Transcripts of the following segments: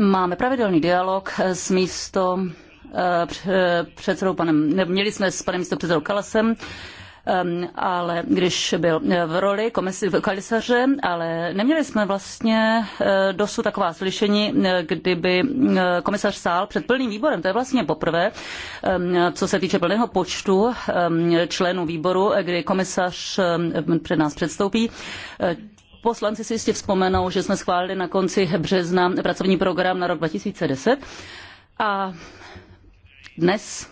Máme pravidelný dialog s místo eh, předsedou panem, měli jsme s panem místo předsedou Kalasem, ehm, ale když byl eh, v roli komisi, komisaře, ale neměli jsme vlastně eh, dosud taková slyšení, kdyby komisař sál před plným výborem. To je vlastně poprvé, ehm, co se týče plného počtu ehm, členů výboru, kdy komisař před nás předstoupí poslanci si jistě vzpomenou, že jsme schválili na konci března pracovní program na rok 2010 a dnes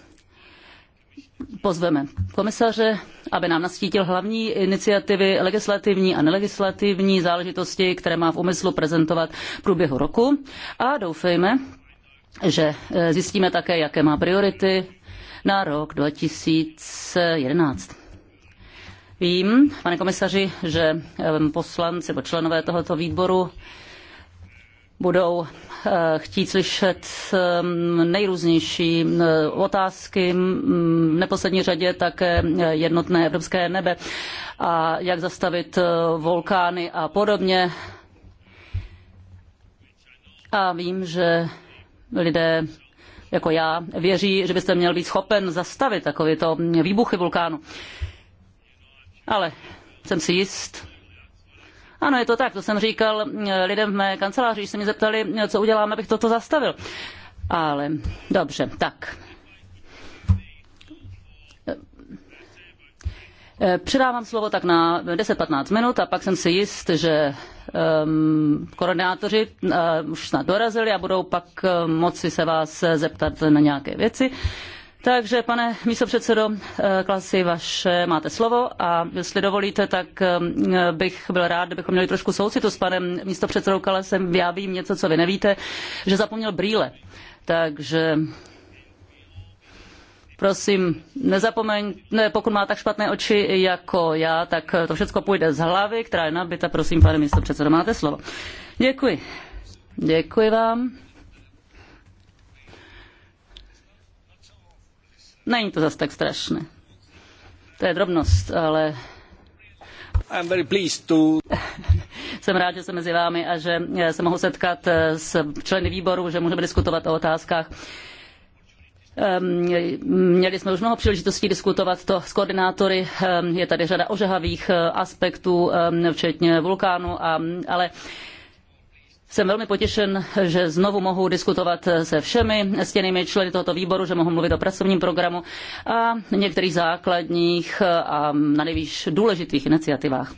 pozveme komisaře, aby nám nastítil hlavní iniciativy legislativní a nelegislativní záležitosti, které má v úmyslu prezentovat v průběhu roku a doufejme, že eh, zjistíme také, jaké má priority na rok 2011. Vím, pane komisaři, že poslanci nebo členové tohoto výboru budou eh, chtít slyšet nejrůznější eh, otázky, v neposlední řadě také jednotné evropské nebe a jak zastavit eh, vulkány a podobně. A vím, že lidé jako já věří, že byste měl být schopen zastavit takovéto výbuchy vulkánu. Ale jsem si jist, ano, je to tak, to jsem říkal eh, lidem v mé kanceláři, když se mě zeptali, eh, co udělám, abych toto zastavil. Ale dobře, tak. Eh, předávám slovo tak na 10-15 minut a pak jsem si jist, že um, koordinátoři uh, už snad dorazili a budou pak uh, moci se vás zeptat na nějaké věci. Uh, takže, pane místopředsedo eh, Klasy, vaše máte slovo a jestli dovolíte, tak eh, bych byl rád, kdybychom měli trošku soucitu s panem místopředsedou Kalesem. Já vím něco, co vy nevíte, že zapomněl brýle. Takže prosím, nezapomeň, ne, pokud má tak špatné oči jako já, tak to všechno půjde z hlavy, která je nabita. Prosím, pane místopředsedo, máte slovo. Děkuji. Děkuji vám. Není to zas tak strašné. To je drobnost, ale I'm very pleased to... Jsem rád, že jsem mezi vámi a že eh, se mohu setkat eh, s členy výboru, že můžeme diskutovat o otázkách. Ehm, měli jsme už mnoho příležitostí diskutovat to s koordinátory. Ehm, je tady řada ožehavých eh, aspektů, ehm, včetně vulkánu, a, ale jsem velmi potěšen, že znovu mohu diskutovat se všemi stěnými členy tohoto výboru, že mohu mluvit o pracovním programu a některých základních a na důležitých iniciativách.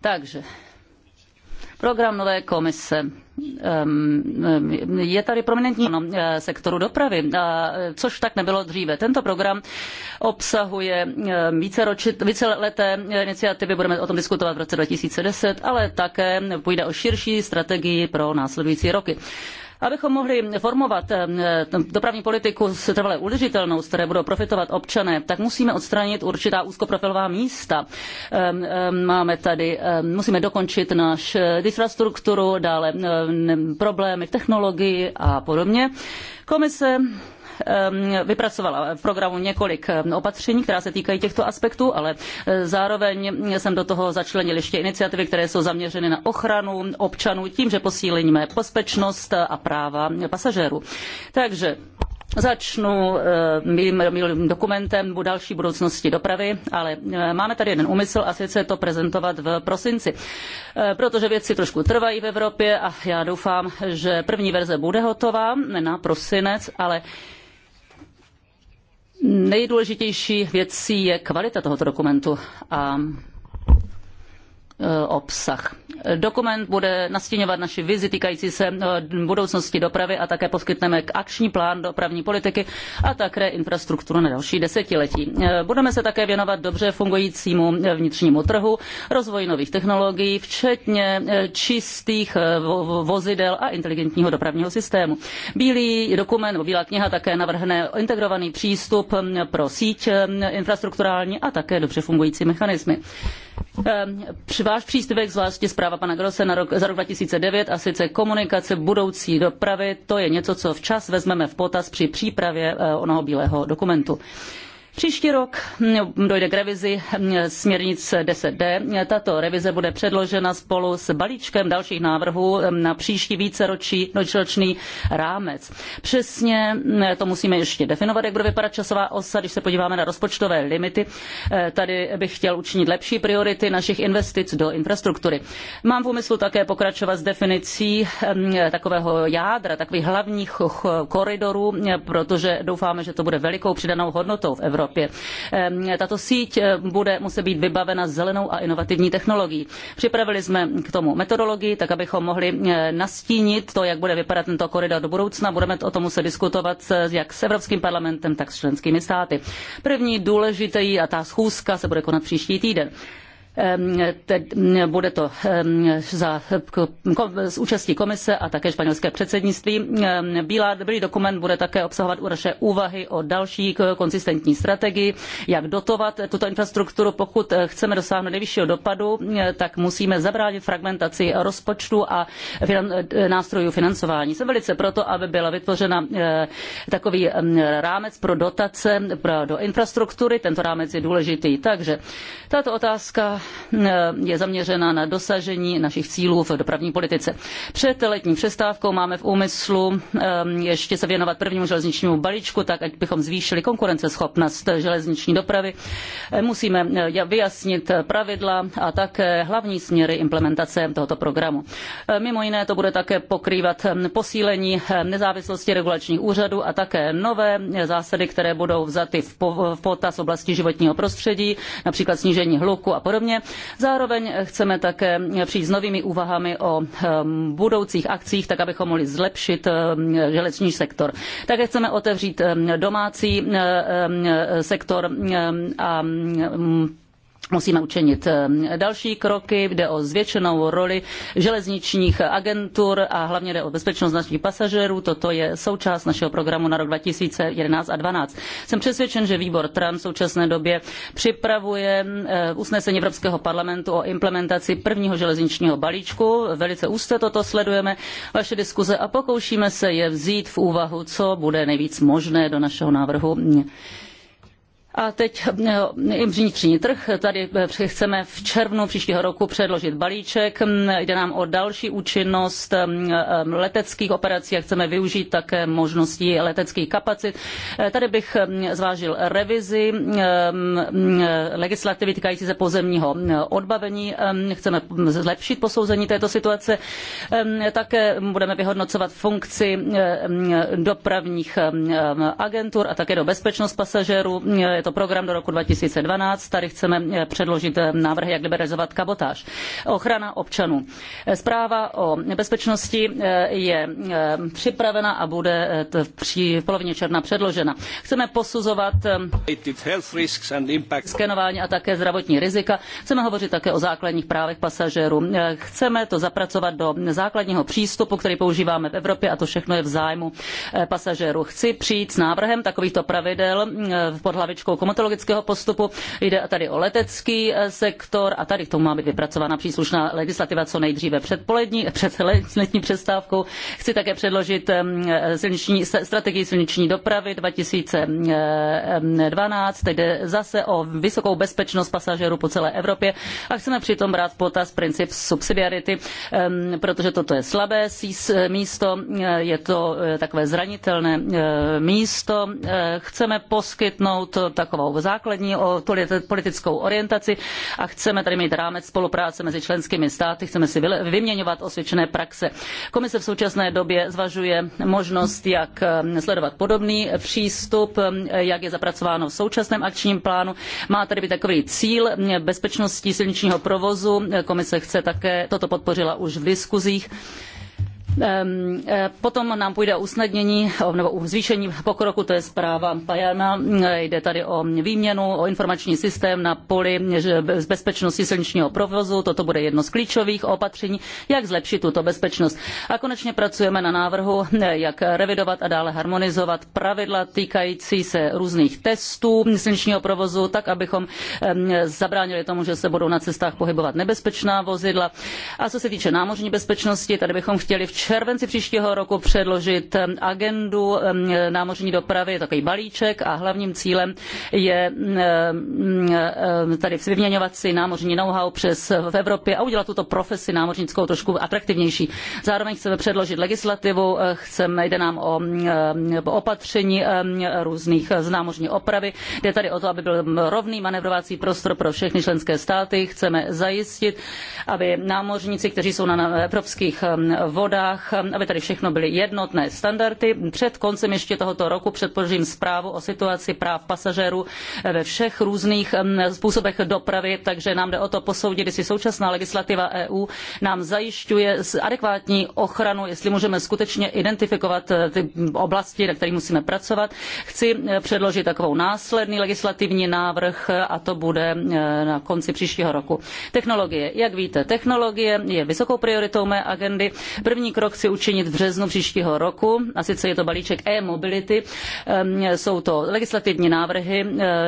Takže Program nové komise. Ehm, ehm, je tady prominentní eh, sektoru dopravy, eh, což tak nebylo dříve. Tento program obsahuje ehm, víceleté iniciativy, budeme o tom diskutovat v roce 2010, ale také půjde o širší strategii pro následující roky. Abychom mohli formovat eh, eh, dopravní politiku s trvale udržitelnou, z které budou profitovat občané, tak musíme odstranit určitá úzkoprofilová místa. Eh, máme tady, musíme dokončit náš infrastrukturu, dále problémy v technologii a podobně. Komise Ehm, vypracovala v programu několik ehm, opatření, která se týkají těchto aspektů, ale eh, zároveň jsem do toho začlenil ještě iniciativy, které jsou zaměřeny na ochranu občanů tím, že posílíme bezpečnost a práva pasažérů. Takže Začnu eh, mým, mým dokumentem další budoucnosti dopravy, ale eh, máme tady jeden úmysl a sice to prezentovat v prosinci. Protože věci trošku trvají v Evropě a já doufám, že první verze bude hotová na prosinec, ale nejdůležitější věcí je kvalita tohoto dokumentu a Eh, obsah. Dokument bude nastěňovat naši vizi týkající se eh, budoucnosti dopravy a také poskytneme akční plán dopravní politiky a také infrastrukturu na další desetiletí. Eh, budeme se také věnovat dobře fungujícímu vnitřnímu trhu, rozvoji nových technologií, včetně čistých vozidel a inteligentního dopravního systému. Bílý dokument, bílá kniha také navrhne integrovaný přístup mm, pro síť infrastrukturální a také dobře fungující mechanismy. Ehm, váš příspěvek, zvláště zpráva pana Grosse na rok, za rok 2009 a sice komunikace budoucí dopravy, to je něco, co včas vezmeme v potaz při přípravě eh, onoho bílého dokumentu. Příští rok hm, dojde k revizi hm, směrnic 10D. Tato revize bude předložena spolu s balíčkem dalších návrhů hm, na příští víceroční roční rámec. Přesně to musíme ještě definovat, jak bude vypadat časová osa, když se podíváme na rozpočtové limity. Eh, tady bych chtěl učinit lepší priority našich investic do infrastruktury. Mám v úmyslu také pokračovat s definicí takového jádra, takových hlavních koridorů, protože doufáme, že to bude velikou přidanou hodnotou v Evropě. Evropě. Ehm, tato síť eh, bude muset být vybavena zelenou a inovativní technologií. Připravili jsme k tomu metodologii, tak abychom mohli eh, nastínit to, jak bude vypadat tento koridor do budoucna. Budeme o tom muset diskutovat eh, jak s Evropským parlamentem, tak s členskými státy. První důležitý a ta schůzka se bude konat příští týden. Ehm, bude to ehm, za, s účastí komise a také španělské předsednictví. Ehm, bílá, dobrý dokument bude také obsahovat naše úvahy o další konsistentní strategii, jak dotovat tuto infrastrukturu. Pokud eh, chceme dosáhnout nejvyššího dopadu, eh, tak musíme zabránit fragmentaci rozpočtu a eh, nástrojů financování. Jsem velice proto, aby byla vytvořena takový rámec pro dotace do infrastruktury. Tento rámec je důležitý. Takže tato otázka Eh, je zaměřena na dosažení našich cílů v dopravní politice. Před letní přestávkou máme v úmyslu eh, ještě se věnovat prvnímu železničnímu balíčku, tak ať bychom zvýšili konkurenceschopnost železniční dopravy. Eh, musíme vyjasnit pravidla a také hlavní směry implementace tohoto programu. Mimo jiné to bude také pokrývat posílení nezávislosti regulačních úřadů a také nové zásady, které budou vzaty v potaz oblasti životního prostředí, například snížení hluku a podobně země. Zároveň chceme také přijít s novými úvahami o um, budoucích akcích, tak abychom mohli zlepšit um, železniční sektor. Také chceme otevřít um, domácí uh, sektor a Musíme učinit eh, další kroky, jde o zvětšenou roli železničních agentur a hlavně jde o bezpečnost našich pasažérů. Toto je součást našeho programu na rok 2011 a 2012. Jsem přesvědčen, že výbor TRAN v současné době připravuje eh, usnesení Evropského parlamentu o implementaci prvního železničního balíčku. Velice úzce toto sledujeme, vaše diskuze a pokoušíme se je vzít v úvahu, co bude nejvíc možné do našeho návrhu a teď eh, eh, vnitřní trh. Tady eh, chceme v červnu příštího roku předložit balíček. Mm, jde nám o další účinnost mm, leteckých operací a chceme využít také možností leteckých kapacit. Tady bych mm, zvážil revizi legislativy týkající se pozemního odbavení. Chceme zlepšit posouzení této situace. Také budeme vyhodnocovat funkci dopravních agentur a také do bezpečnost pasažérů to program do roku 2012. Tady chceme eh, předložit eh, návrhy, jak liberalizovat kabotáž. Ochrana občanů. Zpráva o bezpečnosti eh, je připravena a bude v polovině června předložena. Chceme posuzovat skenování a také zdravotní rizika. Chceme hovořit také o základních právech pasažérů. Chceme to zapracovat do základního přístupu, který používáme v Evropě a to všechno je v zájmu pasažérů. Chci přijít s návrhem takovýchto pravidel pod hlavičkou postupu, komatologického postupu, jde tady o letecký eh, sektor a tady k tomu má být vypracována příslušná legislativa co nejdříve před polední, eh, před letní přestávkou. Chci také předložit eh, silniční, strategii silniční dopravy 2012, jde zase o vysokou bezpečnost pasažérů po celé Evropě a chceme přitom brát v potaz princip subsidiarity, protože toto je slabé místo, je to takové zranitelné místo. Chceme poskytnout takovou základní politickou orientaci a chceme tady mít rámec spolupráce mezi členskými státy, chceme si vyměňovat osvědčené praxe. Komise v současné době zvažuje možnost, jak ehm, sledovat podobný přístup, ehm, jak je zapracováno v současném akčním plánu. Má tady být takový cíl bezpečnosti silničního provozu. Komise chce také, toto podpořila už v diskuzích. Ehm, e, potom nám půjde o usnadnění nebo o zvýšení pokroku, to je zpráva Pajana. E, jde tady o výměnu, o informační systém na poli z bezpečnosti silničního provozu. Toto bude jedno z klíčových opatření, jak zlepšit tuto bezpečnost. A konečně pracujeme na návrhu, e, jak revidovat a dále harmonizovat pravidla týkající se různých testů silničního provozu, tak abychom ehm, zabránili tomu, že se budou na cestách pohybovat nebezpečná vozidla. A co se týče námořní bezpečnosti, tady bychom chtěli včas červenci příštího roku předložit um, agendu um, námořní dopravy, takový balíček a hlavním cílem je um, tady vyměňovat si námořní know-how přes v Evropě a udělat tuto profesi námořnickou trošku atraktivnější. Zároveň chceme předložit legislativu, eh, chceme, jde nám o eh, opatření různých eh, z námořní opravy. Jde tady o to, aby byl rovný manevrovací prostor pro všechny členské státy. Chceme zajistit, aby námořníci, kteří jsou na evropských vodách, dohodách, aby tady všechno byly jednotné standardy. Před koncem ještě tohoto roku předložím zprávu o situaci práv pasažérů ve všech různých způsobech dopravy, takže nám jde o to posoudit, jestli současná legislativa EU nám zajišťuje adekvátní ochranu, jestli můžeme skutečně identifikovat eh, ty oblasti, na kterých musíme pracovat. Chci eh, předložit takovou následný legislativní návrh eh, a to bude na konci příštího roku. Technologie. Jak víte, technologie je vysokou prioritou mé agendy. První krok krok chci učinit v březnu příštího roku, a sice je to balíček e-mobility. Jsou to legislativní návrhy,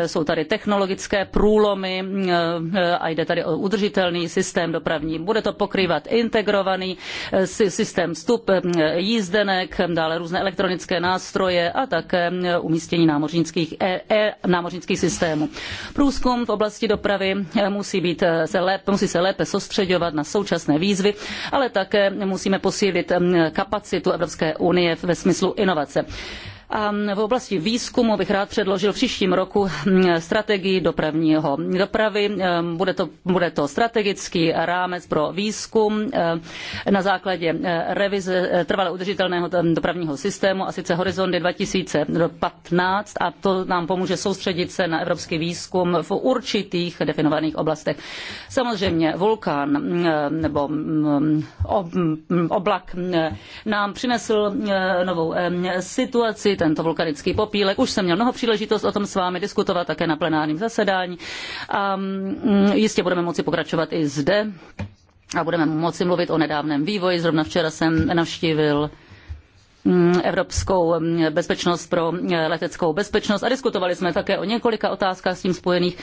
jsou tady technologické průlomy eh, a jde tady o udržitelný systém dopravní. Bude to pokrývat integrovaný eh, systém vstup jízdenek, dále různé elektronické nástroje a také umístění námořnických, e, e, námořnických systémů. Průzkum v oblasti dopravy eh, musí, být, se lépe, musí se lépe soustředovat na současné výzvy, ale také musíme posílit Eh, kapacitu Evropské unie ve smyslu inovace. A ehm, v oblasti výzkumu bych rád předložil v příštím roku hm, strategii dopravního dopravy. Ehm, bude to, bude to strategický rámec pro výzkum ehm, na základě eh, revize eh, trvale udržitelného dopravního systému a sice horizonty 2015 a to nám pomůže soustředit se na evropský výzkum v určitých definovaných oblastech. Samozřejmě vulkán hm, nebo hm, oblak nám přinesl novou situaci, tento vulkanický popílek. Už jsem měl mnoho příležitost o tom s vámi diskutovat také na plenárním zasedání a mm, jistě budeme moci pokračovat i zde a budeme moci mluvit o nedávném vývoji. Zrovna včera jsem navštívil Mm, evropskou mm, bezpečnost pro mm, leteckou bezpečnost a diskutovali jsme také o několika otázkách s tím spojených,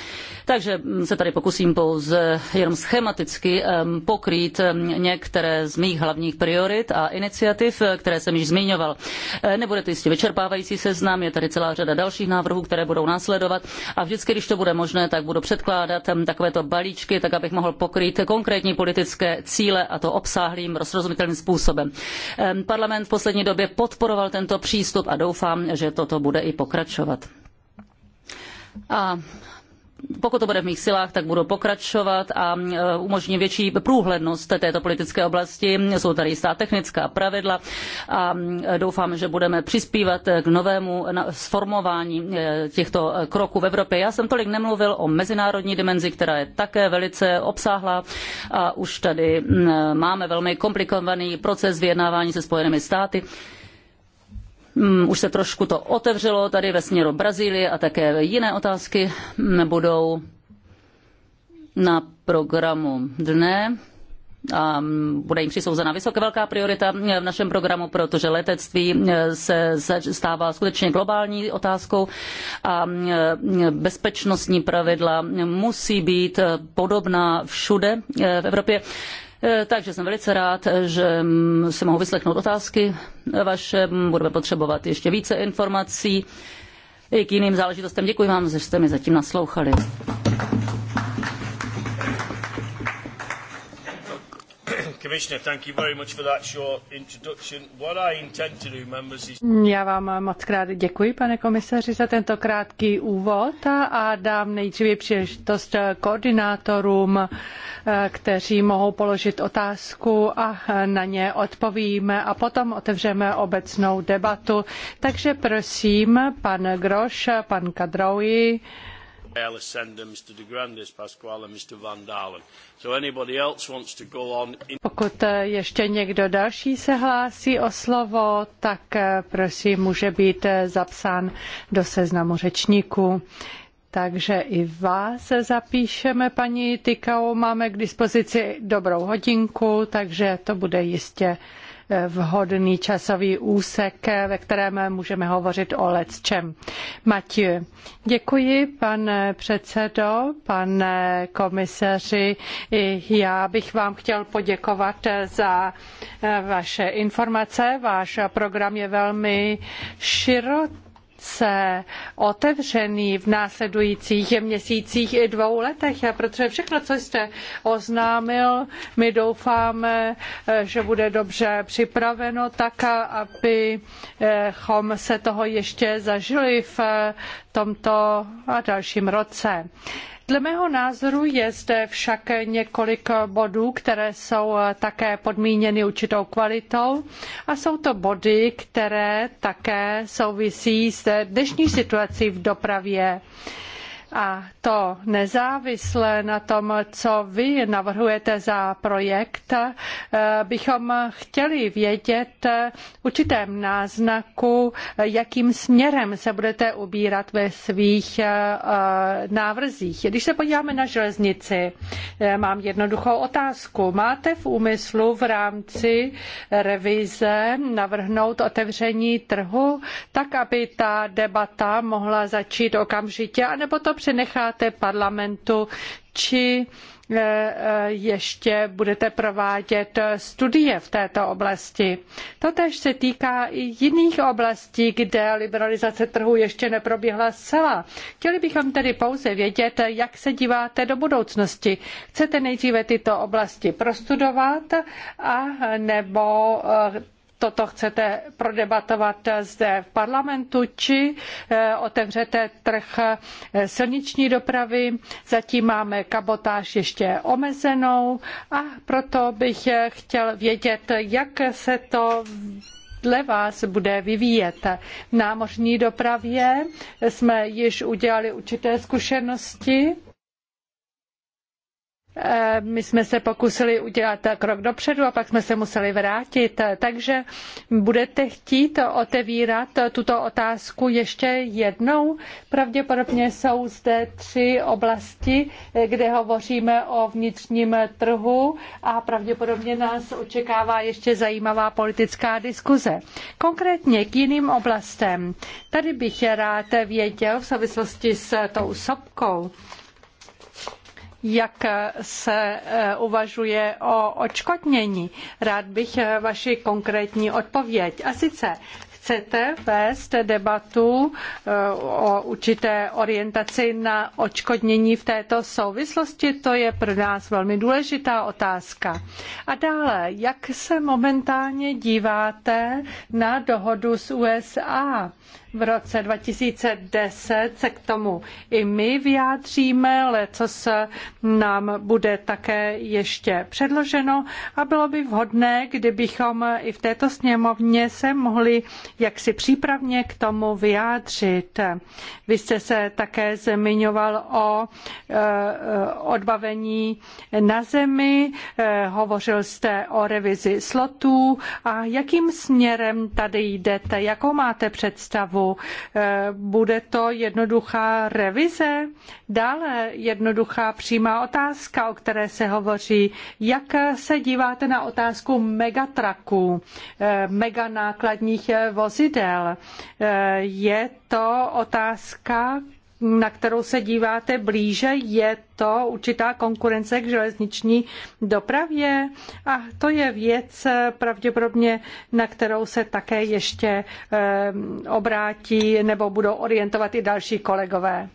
takže se tady pokusím pouze jenom schematicky pokrýt některé z mých hlavních priorit a iniciativ, eh, které jsem již zmiňoval. Eh, nebude to jistě vyčerpávající seznam, je tady celá řada dalších návrhů, které budou následovat a vždycky, když to bude možné, tak budu předkládat takovéto balíčky, tak abych mohl pokrýt konkrétní politické cíle a to obsáhlým, rozrozumitelným způsobem. Eh, parlament v poslední době podporoval tento přístup a doufám, že toto bude i pokračovat. A pokud to bude v mých silách, tak budu pokračovat a e, umožním větší průhlednost této politické oblasti. Jsou tady jistá technická pravidla a e, doufám, že budeme přispívat k novému sformování e, těchto kroků v Evropě. Já jsem tolik nemluvil o mezinárodní dimenzi, která je také velice obsáhlá a už tady máme velmi komplikovaný proces vyjednávání se Spojenými státy. Mm, už se trošku to otevřelo tady ve směru Brazílie a také jiné otázky budou na programu dne a mm, bude jim přisouzena vysoké velká priorita v našem programu, protože letectví mm, se stává skutečně globální otázkou a bezpečnostní pravidla musí být podobná všude eh, v Evropě. Eh, takže jsem velice rád, že mm, si mohu vyslechnout otázky vaše. Budeme potřebovat ještě více informací i k jiným záležitostem. Děkuji vám, že jste mi zatím naslouchali. Commissioner, thank you very much for that short introduction. What I intend to do, members, is... Já vám moc krát děkuji, pane komisaři, za tento krátký úvod a dám nejdříve příležitost koordinátorům, kteří mohou položit otázku a na ně odpovíme a potom otevřeme obecnou debatu. Takže prosím, pan Groš, pan Kadrouji, pokud ještě někdo další se hlásí o slovo, tak eh, prosím, může být eh, zapsán do seznamu řečníků. Takže i vás zapíšeme, paní Tykao. Máme k dispozici dobrou hodinku, takže to bude jistě vhodný časový úsek, ve kterém můžeme hovořit o lecčem. Matěj, děkuji, pane předsedo, pane komisaři. I já bych vám chtěl poděkovat za vaše informace. Váš program je velmi široký velice otevřený v následujících měsících i dvou letech, protože všechno, co jste oznámil, my doufáme, že bude dobře připraveno tak, abychom se toho ještě zažili v tomto a dalším roce. Dle mého názoru je zde však několik bodů, které jsou také podmíněny určitou kvalitou a jsou to body, které také souvisí s dnešní situací v dopravě a to nezávisle na tom, co vy navrhujete za projekt, eh, bychom chtěli vědět eh, určitém náznaku, eh, jakým směrem se budete ubírat ve svých návrzích. Když se podíváme na železnici, mám jednoduchou otázku. Máte v úmyslu v rámci revize navrhnout otevření trhu, tak aby ta debata mohla začít okamžitě, anebo to přenecháte parlamentu či eh, eh, ještě budete provádět studie v této oblasti. Totež se týká i jiných oblastí, kde liberalizace trhu ještě neproběhla zcela. Chtěli bychom tedy pouze vědět, jak se díváte do budoucnosti. Chcete nejdříve tyto oblasti prostudovat a nebo eh, toto chcete prodebatovat zde v parlamentu, či eh, otevřete trh eh, silniční dopravy. Zatím máme kabotáž ještě omezenou a proto bych eh, chtěl vědět, jak se to dle vás bude vyvíjet. V námořní dopravě jsme již udělali určité zkušenosti Eh, my jsme se pokusili udělat krok dopředu a pak jsme se museli vrátit. Takže budete chtít otevírat tuto otázku ještě jednou? Pravděpodobně jsou zde tři oblasti, eh, kde hovoříme o vnitřním trhu a pravděpodobně nás očekává ještě zajímavá politická diskuze. Konkrétně k jiným oblastem. Tady bych rád věděl v souvislosti s tou sopkou jak se eh, uvažuje o odškodnění. Rád bych eh, vaši konkrétní odpověď. A sice, chcete vést debatu eh, o určité orientaci na odškodnění v této souvislosti? To je pro nás velmi důležitá otázka. A dále, jak se momentálně díváte na dohodu s USA? V roce 2010 se k tomu i my vyjádříme, ale co se nám bude také ještě předloženo a bylo by vhodné, kdybychom i v této sněmovně se mohli jaksi přípravně k tomu vyjádřit. Vy jste se také zmiňoval o eh, odbavení na zemi, eh, hovořil jste o revizi slotů a jakým směrem tady jdete, jakou máte představu? Eh, bude to jednoduchá revize? Dále jednoduchá přímá otázka, o které se hovoří. Jak se díváte na otázku megatraků, eh, meganákladních vozidel? Eh, je to otázka, na kterou se díváte blíže, je to určitá konkurence k železniční dopravě a to je věc pravděpodobně, na kterou se také ještě eh, obrátí nebo budou orientovat i další kolegové.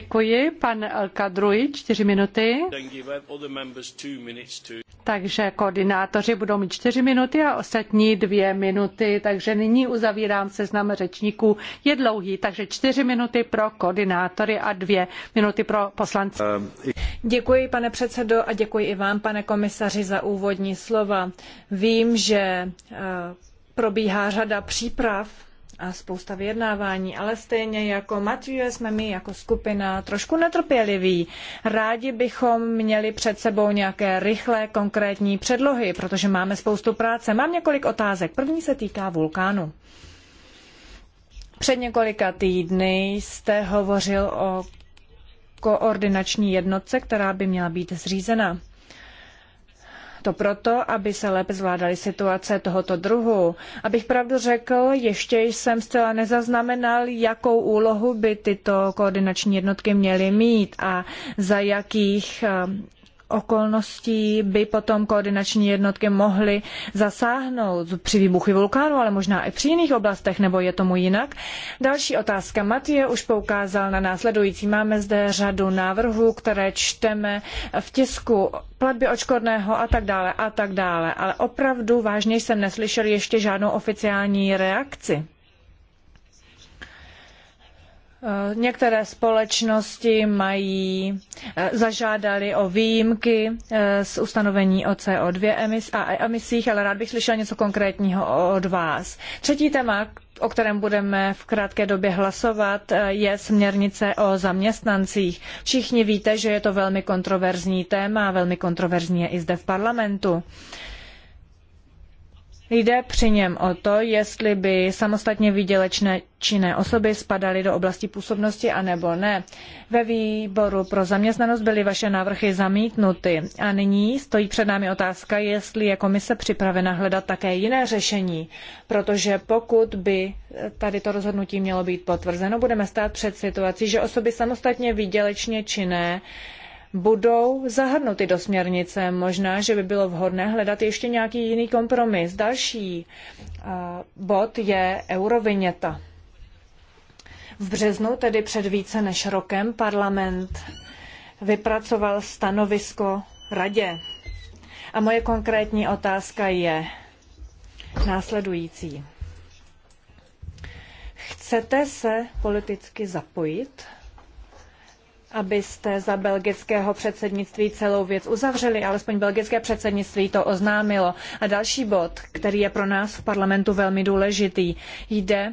Děkuji, pan Elkadruj, čtyři minuty. Takže koordinátoři budou mít čtyři minuty a ostatní dvě minuty, takže nyní uzavírám seznam řečníků. Je dlouhý, takže čtyři minuty pro koordinátory a dvě minuty pro poslance. Děkuji, pane předsedo, a děkuji i vám, pane komisaři, za úvodní slova. Vím, že eh, probíhá řada příprav a spousta vyjednávání, ale stejně jako Matěj jsme my jako skupina trošku netrpěliví. Rádi bychom měli před sebou nějaké rychlé, konkrétní předlohy, protože máme spoustu práce. Mám několik otázek. První se týká vulkánu. Před několika týdny jste hovořil o koordinační jednotce, která by měla být zřízena. To proto, aby se lépe zvládaly situace tohoto druhu. Abych pravdu řekl, ještě jsem zcela nezaznamenal, jakou úlohu by tyto koordinační jednotky měly mít a za jakých okolností by potom koordinační jednotky mohly zasáhnout při výbuchu vulkánu, ale možná i při jiných oblastech, nebo je tomu jinak. Další otázka. Matěj už poukázal na následující. Máme zde řadu návrhů, které čteme v tisku platby očkodného a tak dále a tak dále, ale opravdu vážně jsem neslyšel ještě žádnou oficiální reakci. Eh, některé společnosti mají, eh, zažádali o výjimky eh, z ustanovení o CO2 emis a e- emisích, ale rád bych slyšel něco konkrétního od vás. Třetí téma, o kterém budeme v krátké době hlasovat, je směrnice o zaměstnancích. Všichni víte, že je to velmi kontroverzní téma, velmi kontroverzní je i zde v parlamentu. Jde při něm o to, jestli by samostatně výdělečné činné osoby spadaly do oblasti působnosti a nebo ne. Ve výboru pro zaměstnanost byly vaše návrhy zamítnuty a nyní stojí před námi otázka, jestli je komise připravena hledat také jiné řešení, protože pokud by tady to rozhodnutí mělo být potvrzeno, budeme stát před situací, že osoby samostatně výdělečně činné budou zahrnuty do směrnice. Možná, že by bylo vhodné hledat ještě nějaký jiný kompromis. Další bod je euroviněta. V březnu, tedy před více než rokem, parlament vypracoval stanovisko radě. A moje konkrétní otázka je následující. Chcete se politicky zapojit abyste za belgického předsednictví celou věc uzavřeli, alespoň belgické předsednictví to oznámilo. A další bod, který je pro nás v parlamentu velmi důležitý, jde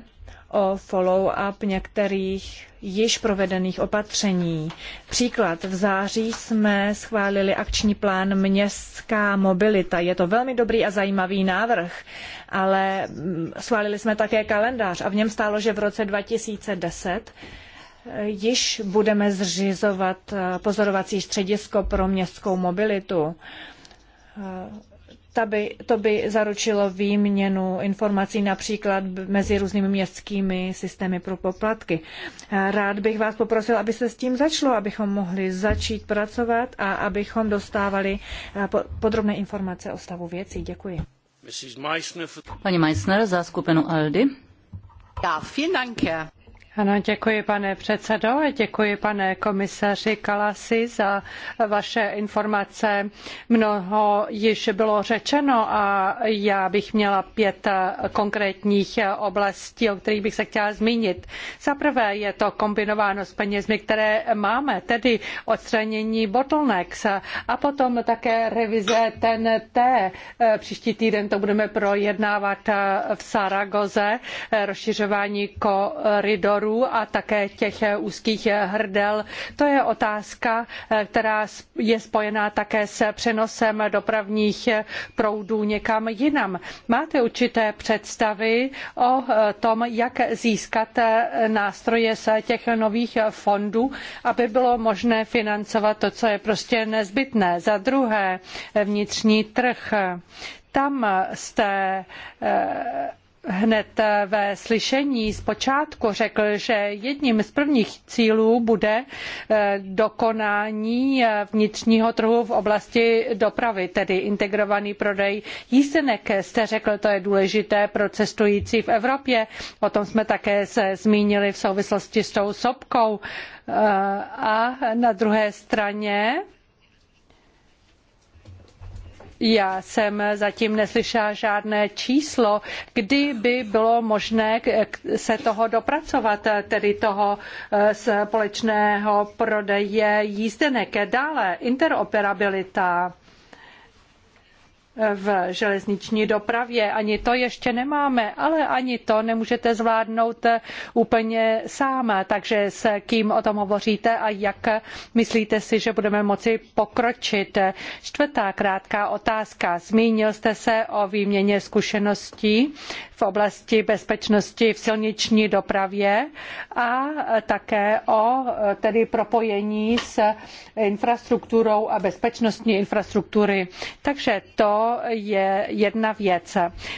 o follow-up některých již provedených opatření. Příklad, v září jsme schválili akční plán Městská mobilita. Je to velmi dobrý a zajímavý návrh, ale mm, schválili jsme také kalendář a v něm stálo, že v roce 2010 již budeme zřizovat eh, pozorovací středisko pro městskou mobilitu. Eh, to by zaručilo výměnu informací například mezi různými městskými systémy pro poplatky. Eh, rád bych vás poprosil, aby se s tím začalo, abychom mohli začít pracovat a abychom dostávali podrobné informace o stavu věcí. Děkuji. Paní Meissner za skupinu ALDI. Ja, vielen Dank, Herr ano, děkuji pane předsedo a děkuji pane komisaři Kalasi za vaše informace. Mnoho již bylo řečeno a já bych měla pět konkrétních oblastí, o kterých bych se chtěla zmínit. Za prvé je to kombinováno s které máme, tedy odstranění bottlenecks a potom také revize TNT. Příští týden to budeme projednávat v Saragoze, rozšiřování koridoru směrů a také těch eh, úzkých eh, hrdel. To je otázka, eh, která je spojená také s přenosem dopravních proudů někam jinam. Máte určité představy o tom, jak získat nástroje z těch nových fondů, aby bylo možné financovat to, co je prostě nezbytné. Za druhé, vnitřní trh. Tam jste hned eh, ve slyšení zpočátku řekl, že jedním z prvních cílů bude eh, dokonání eh, vnitřního trhu v oblasti dopravy, tedy integrovaný prodej jízdenek. Jste řekl, to je důležité pro cestující v Evropě. O tom jsme také se zmínili v souvislosti s tou sopkou. A na druhé straně já jsem zatím neslyšela žádné číslo, kdy by bylo možné se toho dopracovat, tedy toho eh, společného prodeje jízdenek. Dále interoperabilita v železniční dopravě. Ani to ještě nemáme, ale ani to nemůžete zvládnout úplně sám. Takže s kým o tom hovoříte a jak myslíte si, že budeme moci pokročit? Čtvrtá krátká otázka. Zmínil jste se o výměně zkušeností v oblasti bezpečnosti v silniční dopravě a také o tedy propojení s infrastrukturou a bezpečnostní infrastruktury. Takže to to je jedna věc.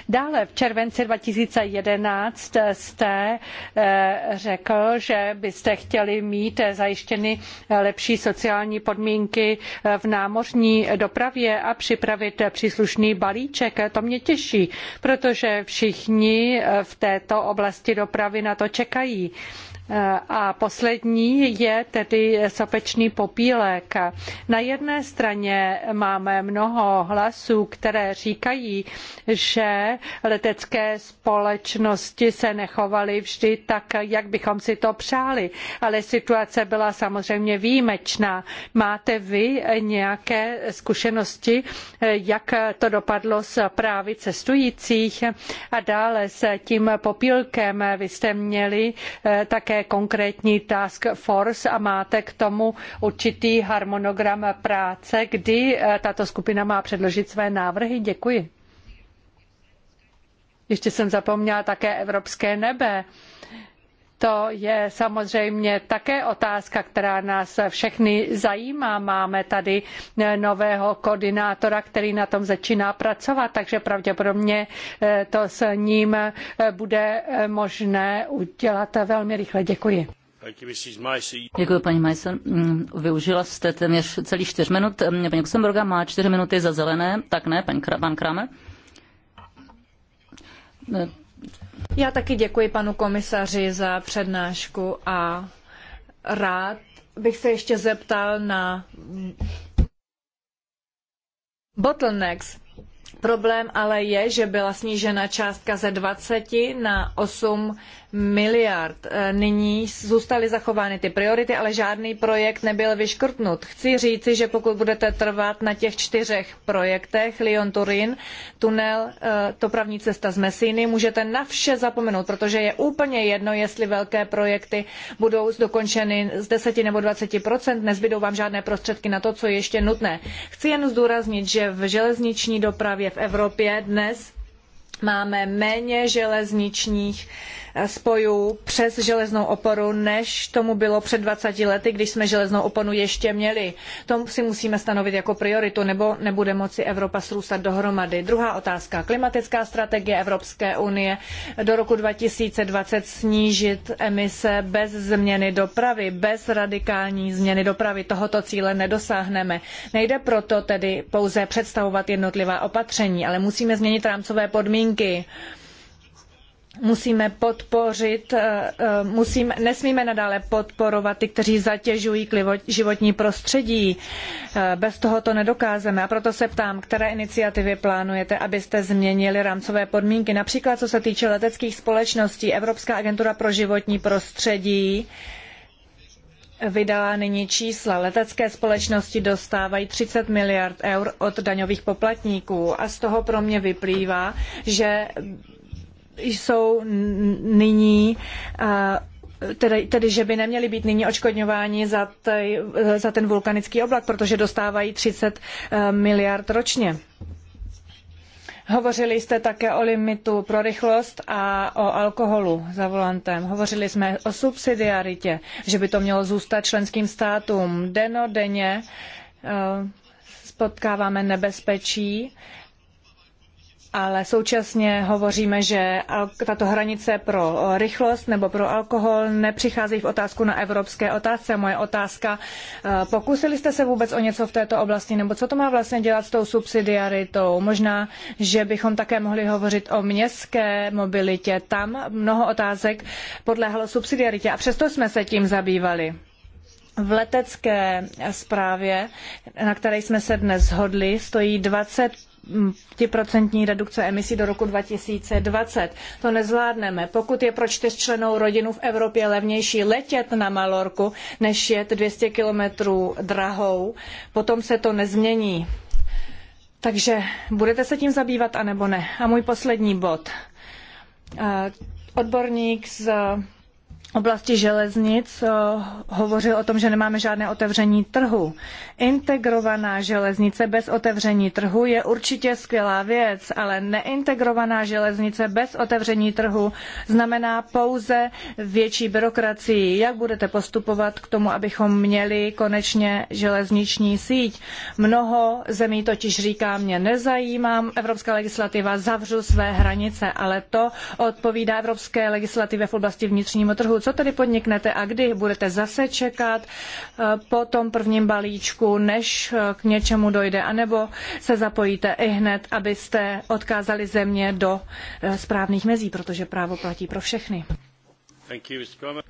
Dále v červenci 2011 jste eh, řekl, že byste chtěli mít zajištěny lepší sociální podmínky v námořní dopravě a připravit příslušný balíček. To mě těší, protože všichni v této oblasti dopravy na to čekají. A poslední je tedy sopečný popílek. Na jedné straně máme mnoho hlasů, které říkají, že letecké společnosti se nechovaly vždy tak, jak bychom si to přáli, ale situace byla samozřejmě výjimečná. Máte vy nějaké zkušenosti, jak to dopadlo s právy cestujících a dále s tím popílkem? Vy jste měli eh, také také konkrétní task force a máte k tomu určitý harmonogram práce, kdy eh, tato skupina má předložit své návrhy? Děkuji. Ještě jsem zapomněla také Evropské nebe to je samozřejmě také otázka, která nás všechny zajímá. Máme tady nového koordinátora, který na tom začíná pracovat, takže pravděpodobně eh, to s ním eh, bude možné udělat velmi rychle. Děkuji. Děkuji, paní Majser. Mm, využila jste téměř celý čtyř minut. Eh, paní Luxemburga má čtyři minuty za zelené, tak ne, pan Kramer? Já taky děkuji panu komisaři za přednášku a rád bych se ještě zeptal na bottlenecks. Problém ale je, že byla snížena částka ze 20 na 8 miliard. Eh, nyní zůstaly zachovány ty priority, ale žádný projekt nebyl vyškrtnut. Chci říci, že pokud budete trvat na těch čtyřech projektech, Lyon Turin, tunel, eh, dopravní cesta z Messiny, můžete na vše zapomenout, protože je úplně jedno, jestli velké projekty budou dokončeny z 10 nebo 20 nezbydou vám žádné prostředky na to, co je ještě nutné. Chci jen zdůraznit, že v železniční dopravě v Evropě dnes máme méně železničních Eh, spojů přes železnou oporu, než tomu bylo před 20 lety, když jsme železnou oponu ještě měli. To si musíme stanovit jako prioritu, nebo nebude moci Evropa srůstat dohromady. Druhá otázka. Klimatická strategie Evropské unie do roku 2020 snížit emise bez změny dopravy, bez radikální změny dopravy. Tohoto cíle nedosáhneme. Nejde proto tedy pouze představovat jednotlivá opatření, ale musíme změnit rámcové podmínky musíme podpořit, eh, eh, musím, nesmíme nadále podporovat ty, kteří zatěžují životní prostředí. Eh, bez toho to nedokážeme. A proto se ptám, které iniciativy plánujete, abyste změnili rámcové podmínky, například co se týče leteckých společností. Evropská agentura pro životní prostředí vydala nyní čísla. Letecké společnosti dostávají 30 miliard eur od daňových poplatníků a z toho pro mě vyplývá, že jsou nyní Tedy, tedy, že by neměli být nyní očkodňováni za, tej, za ten vulkanický oblak, protože dostávají 30 e, miliard ročně. Hovořili jste také o limitu pro rychlost a o alkoholu za volantem. Hovořili jsme o subsidiaritě, že by to mělo zůstat členským státům. Deno Denodenně e, spotkáváme nebezpečí, ale současně hovoříme, že tato hranice pro rychlost nebo pro alkohol nepřichází v otázku na evropské otázce. Moje otázka, e, pokusili jste se vůbec o něco v této oblasti, nebo co to má vlastně dělat s tou subsidiaritou? Možná, že bychom také mohli hovořit o městské mobilitě. Tam mnoho otázek podléhalo subsidiaritě a přesto jsme se tím zabývali. V letecké zprávě, na které jsme se dnes shodli, stojí 20 20% redukce emisí do roku 2020. To nezvládneme. Pokud je pro čtyřčlennou rodinu v Evropě levnější letět na Malorku, než jet 200 kilometrů drahou, potom se to nezmění. Takže budete se tím zabývat, anebo ne? A můj poslední bod. Odborník z oblasti železnic eh, hovořil o tom, že nemáme žádné otevření trhu. Integrovaná železnice bez otevření trhu je určitě skvělá věc, ale neintegrovaná železnice bez otevření trhu znamená pouze větší byrokracii. Jak budete postupovat k tomu, abychom měli konečně železniční síť? Mnoho zemí totiž říká, mě nezajímám evropská legislativa, zavřu své hranice, ale to odpovídá evropské legislativě v oblasti vnitřního trhu co tedy podniknete a kdy budete zase čekat eh, po tom prvním balíčku, než eh, k něčemu dojde, anebo se zapojíte i hned, abyste odkázali země do eh, správných mezí, protože právo platí pro všechny.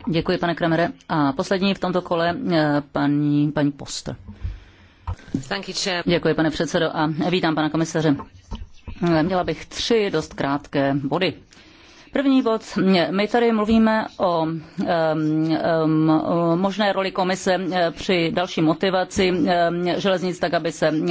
Děkuji, pane Kremere. A poslední v tomto kole paní, paní Post. Děkuji, pane předsedo, a vítám pana komisaře. Měla bych tři dost krátké body. První bod, my tady mluvíme o um, um, možné roli komise eh, při další motivaci um, železnic, tak aby se um,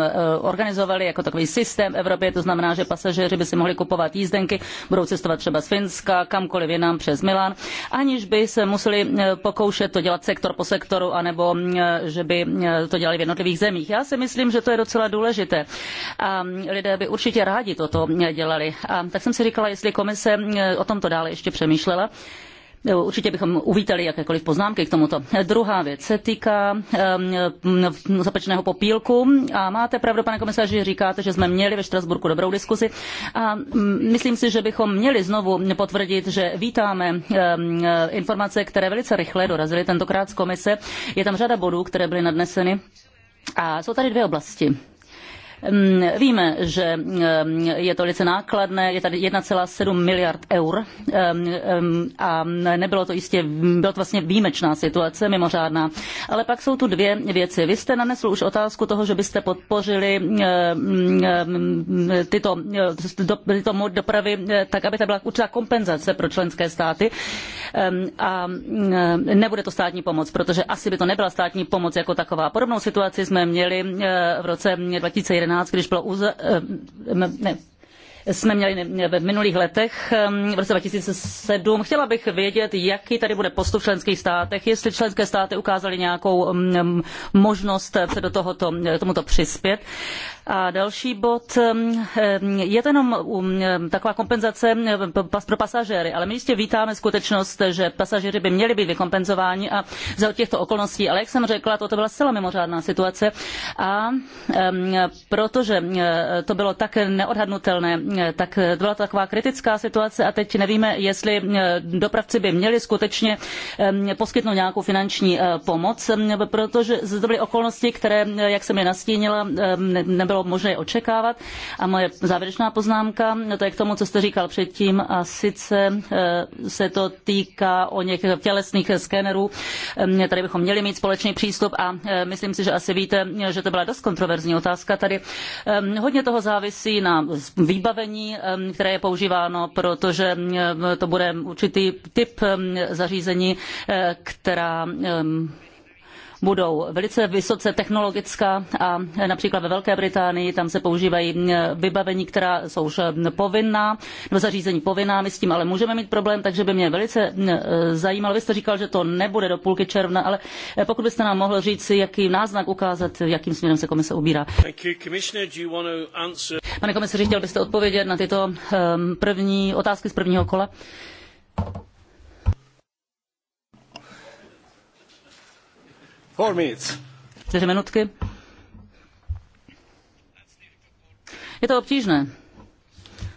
eh, organizovali jako takový systém v Evropě, to znamená, že pasažéři by si mohli kupovat jízdenky, budou cestovat třeba z Finska, kamkoliv jinam přes Milán, aniž by se museli eh, pokoušet to dělat sektor po sektoru, anebo mm, že by to dělali v jednotlivých zemích. Já si myslím, že to je docela důležité. A lidé by určitě rádi toto dělali. A tak jsem si říkala, jestli komise Eh, o tomto dále ještě přemýšlela. Eh, určitě bychom uvítali jakékoliv poznámky k tomuto. Druhá věc se týká um, eh, zapečného popílku. A máte pravdu, pane komisaři, že říkáte, že jsme měli ve Štrasburku dobrou diskusi. A myslím si, že bychom měli znovu potvrdit, že vítáme um, informace, které velice rychle dorazily tentokrát z komise. Je tam řada bodů, které byly nadneseny. A jsou tady dvě oblasti Mm, víme, že mm, je to velice nákladné, je tady 1,7 miliard eur mm, a nebylo to jistě, byla to vlastně výjimečná situace, mimořádná. Ale pak jsou tu dvě věci. Vy jste nanesl už otázku toho, že byste podpořili tyto, tyto dopravy tak, aby to byla určitá kompenzace pro členské státy a nebude to státní pomoc, protože asi by to nebyla státní pomoc jako taková. Podobnou situaci jsme měli v roce 2011 když bylo uze, eh, ne, jsme měli v minulých letech ehm, v roce 2007. Chtěla bych vědět, jaký tady bude postup v členských státech, jestli členské státy ukázaly nějakou mm, možnost se do tohoto, tomuto přispět. A další bod um, je to jenom um, taková kompenzace um, pro pasažéry, ale my jistě vítáme skutečnost, že pasažéři by měli být vykompenzováni a za těchto okolností. Ale jak jsem řekla, toto byla zcela mimořádná situace a protože uh, to bylo tak neodhadnutelné, uh, tak byla to taková kritická situace a teď nevíme, jestli uh, dopravci by měli skutečně poskytnout nějakou finanční pomoc, protože to byly okolnosti, které, jak jsem je nastínila, nebyly bylo možné očekávat. A moje závěrečná poznámka, no to je k tomu, co jste říkal předtím, a sice eh, se to týká o něch tělesných skenerů. Eh, tady bychom měli mít společný přístup a eh, myslím si, že asi víte, že to byla dost kontroverzní otázka tady. Hodně toho závisí na vybavení, které je používáno, protože to bude určitý typ zařízení, která budou velice vysoce technologická a například ve Velké Británii tam se používají vybavení, která jsou už povinná, nebo zařízení povinná, my s tím ale můžeme mít problém, takže by mě velice e, zajímalo, vy jste říkal, že to nebude do půlky června, ale e, pokud byste nám mohl říct, jaký náznak ukázat, jakým směrem se komise ubírá. Pane komisaři, chtěl byste odpovědět na tyto první otázky z prvního kola? Čtyři minutky. Je to obtížné.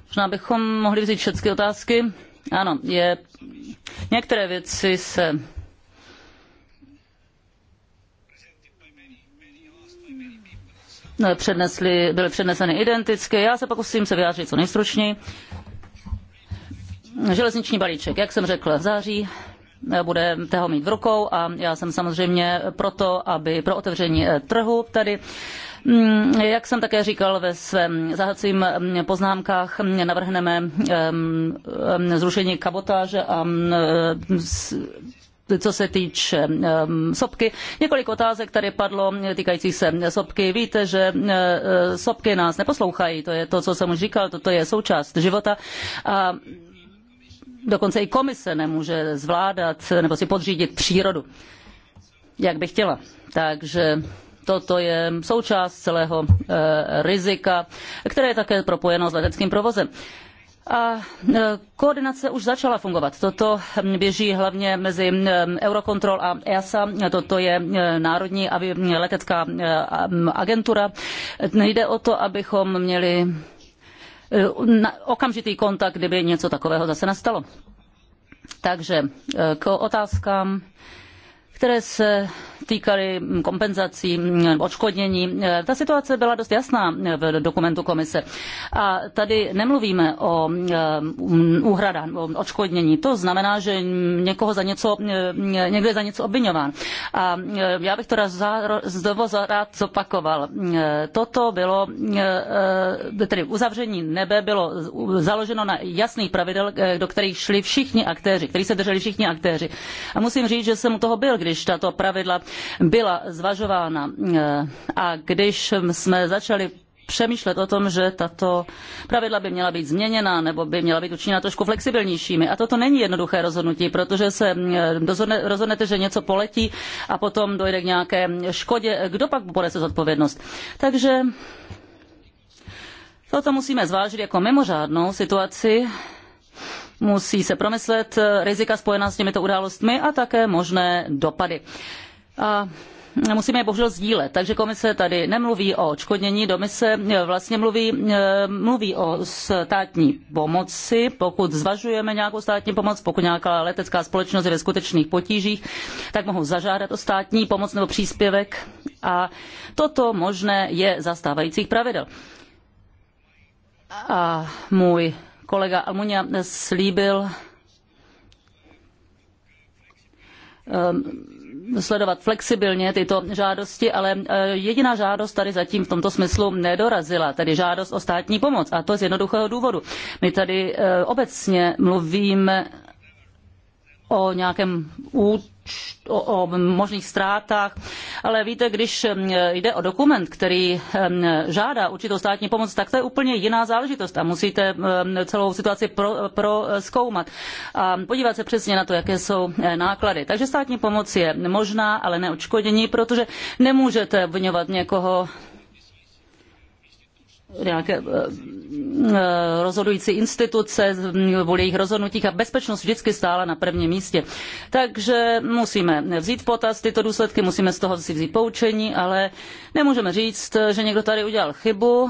Možná bychom mohli vzít všechny otázky. Ano, je... některé věci se no, přednesly, byly předneseny identicky. Já se pokusím se vyjádřit co nejstručněji. Železniční balíček, jak jsem řekla, v září budete ho mít v rukou a já jsem samozřejmě proto, aby pro otevření eh, trhu tady mm, jak jsem také říkal ve svém zahacím mm, poznámkách, mm, navrhneme zrušení kabotáže a co se týče sopky. Několik otázek tady padlo eh, týkajících se sopky. Víte, že eh, sopky nás neposlouchají, to je to, co jsem už říkal, toto je součást života. A dokonce i komise nemůže zvládat nebo si podřídit přírodu, jak by chtěla. Takže toto je součást celého eh, rizika, které je také propojeno s leteckým provozem. A eh, koordinace už začala fungovat. Toto běží hlavně mezi eh, Eurocontrol a EASA. Toto je Národní letecká agentura. Jde o to, abychom měli Eh, okamžitý kontakt, kdyby něco takového zase nastalo. Takže eh, k otázkám které se týkaly kompenzací, odškodnění. Ta situace byla dost jasná v dokumentu komise. A tady nemluvíme o um, úhradách, o odškodnění. To znamená, že někoho za něco, někdo je za něco obvinován. A um, já bych to znovu rád zopakoval. Toto bylo, uh, tedy uzavření nebe bylo založeno na jasných pravidel, eh, do kterých šli všichni aktéři, který se drželi všichni aktéři. A musím říct, že jsem u toho byl, když tato pravidla byla zvažována eh, a když jsme začali přemýšlet o tom, že tato pravidla by měla být změněna nebo by měla být učiněna trošku flexibilnějšími. A toto není jednoduché rozhodnutí, protože se eh, dozorne, rozhodnete, že něco poletí a potom dojde k nějaké škodě. Kdo pak ponese zodpovědnost? Takže Toto musíme zvážit jako mimořádnou situaci, musí se promyslet eh, rizika spojená s těmito událostmi a také možné dopady. A musíme je bohužel sdílet. Takže komise tady nemluví o odškodnění, domise eh, vlastně mluví, eh, mluví o státní pomoci, pokud zvažujeme nějakou státní pomoc, pokud nějaká letecká společnost je ve skutečných potížích, tak mohou zažádat o státní pomoc nebo příspěvek a toto možné je za stávajících pravidel. A můj Kolega Almunia slíbil ehm, sledovat flexibilně tyto žádosti, ale eh, jediná žádost tady zatím v tomto smyslu nedorazila, tedy žádost o státní pomoc. A to z jednoduchého důvodu. My tady eh, obecně mluvíme o nějakém účtu, o možných ztrátách, ale víte, když jde o dokument, který žádá určitou státní pomoc, tak to je úplně jiná záležitost a musíte celou situaci proskoumat pro a podívat se přesně na to, jaké jsou e, náklady. Takže státní pomoc je možná, ale neodškodnění, protože nemůžete obvinovat někoho nějaké eh, eh, rozhodující instituce v jejich rozhodnutích a bezpečnost vždycky stála na prvním místě. Takže musíme vzít v potaz tyto důsledky, musíme z toho vzít poučení, ale nemůžeme říct, že někdo tady udělal chybu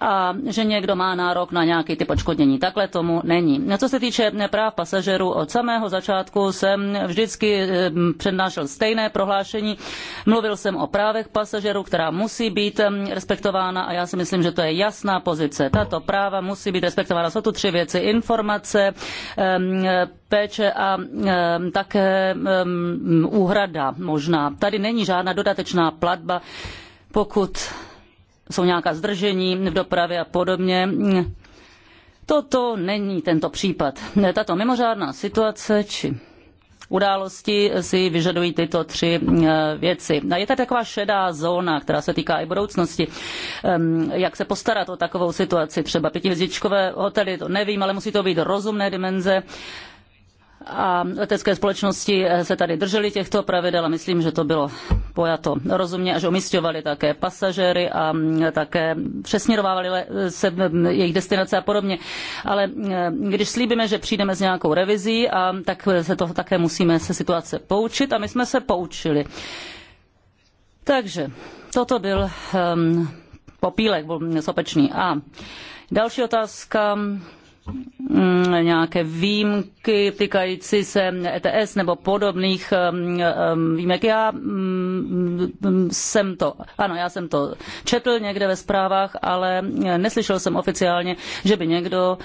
a že někdo má nárok na nějaký typ odškodnění. Takhle tomu není. Co se týče práv pasažerů, od samého začátku jsem vždycky eh, přednášel stejné prohlášení. Mluvil jsem o právech pasažerů, která musí být respektována a já si myslím, že to je jasná pozice. Tato práva musí být respektována. Jsou tu tři věci. Informace, péče a také úhrada možná. Tady není žádná dodatečná platba, pokud jsou nějaká zdržení v dopravě a podobně. Toto není tento případ. Tato mimořádná situace či události si vyžadují tyto tři eh, věci. A je tady taková šedá zóna, která se týká i budoucnosti. Ehm, jak se postarat o takovou situaci? Třeba pětihvězdičkové hotely, to nevím, ale musí to být rozumné dimenze a letecké společnosti eh, se tady držely těchto pravidel a myslím, že to bylo pojato rozumně a že umistovali také pasažéry a mm, také přesměrovávali eh, se mm, jejich destinace a podobně. Ale eh, když slíbíme, že přijdeme s nějakou revizí, a tak se toho také musíme se situace poučit a my jsme se poučili. Takže toto byl um, popílek, byl sopečný. A další otázka Mm, nějaké výjimky týkající se ETS nebo podobných mm, mm, výjimek. Já jsem to, ano, já jsem to četl někde ve zprávách, ale neslyšel jsem oficiálně, že by někdo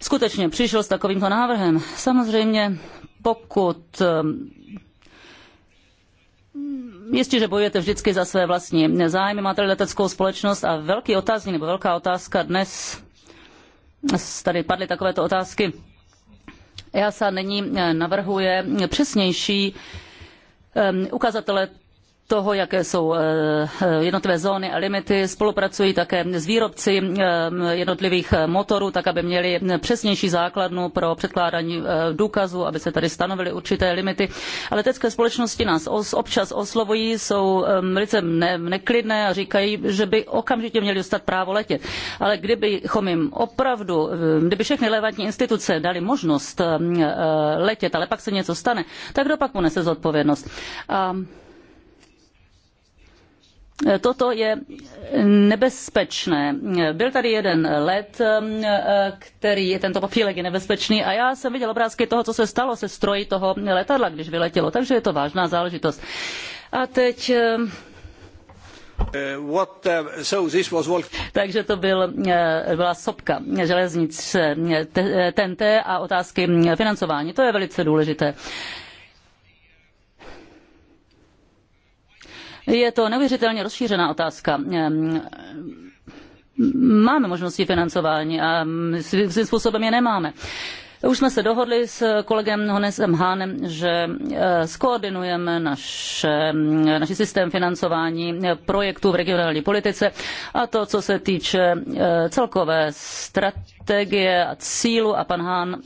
skutečně přišel s takovýmto návrhem. Samozřejmě, pokud Jistě, že bojujete vždycky za své vlastní zájmy, máte leteckou společnost a velký otázník nebo velká otázka dnes tady padly takovéto otázky. EASA nyní e, navrhuje přesnější e, ukazatele toho, jaké jsou eh, eh, jednotlivé zóny a limity. Spolupracují také s výrobci eh, jednotlivých motorů, tak aby měli přesnější základnu pro předkládání důkazů, aby se tady stanovily určité limity. Ale letecké společnosti nás občas oslovují, jsou ehm, velice neklidné a říkají, že by okamžitě měli dostat právo letět. Ale kdybychom jim opravdu, ehm, kdyby všechny relevantní instituce dali možnost ehm, letět, ale pak se něco stane, tak kdo pak ponese zodpovědnost? Eh, toto je eh, nebezpečné. Byl tady jeden let, eh, který je tento papílek je nebezpečný a já jsem viděl obrázky toho, co se stalo se stroji toho letadla, když vyletělo, takže je to vážná záležitost. A teď What, so this was... Takže to byl, byla sopka železnice TNT a otázky mm, financování. To je velice důležité. Je to neuvěřitelně rozšířená otázka ehm, máme možnosti financování a svým způsobem je nemáme. Už jsme se dohodli s kolegem Honesem Hánem, že eh, skoordinujeme naš, ehm, naši systém financování projektů v regionální politice a to, co se týče eh, celkové strategie a cílu a pan Hán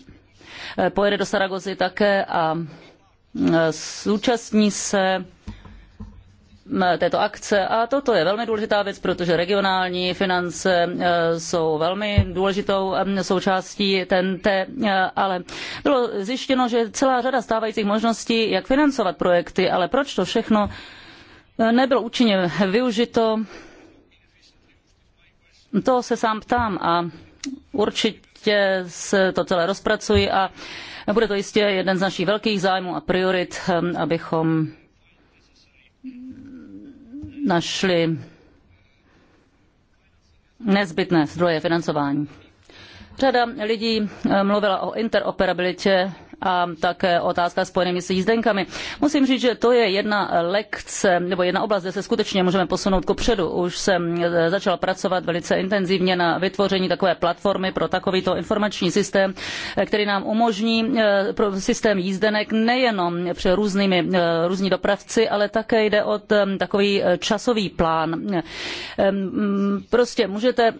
eh, pojede do Saragozy také a zúčastní se této akce. A toto je velmi důležitá věc, protože regionální finance eh, jsou velmi důležitou eh, součástí TNT, eh, ale bylo zjištěno, že celá řada stávajících možností, jak financovat projekty, ale proč to všechno nebylo účinně využito, to se sám ptám a určitě se to celé rozpracuji a bude to jistě jeden z našich velkých zájmů a priorit, abychom našli nezbytné zdroje financování. Řada lidí eh, mluvila o interoperabilitě a také otázka spojenými s jízdenkami. Musím říct, že to je jedna lekce nebo jedna oblast, kde se skutečně můžeme posunout předu. Už jsem e, začal pracovat velice intenzivně na vytvoření takové platformy pro takovýto informační systém, e, který nám umožní e, systém jízdenek nejenom při různými, různí dopravci, ale také jde o takový časový plán. Prostě můžete,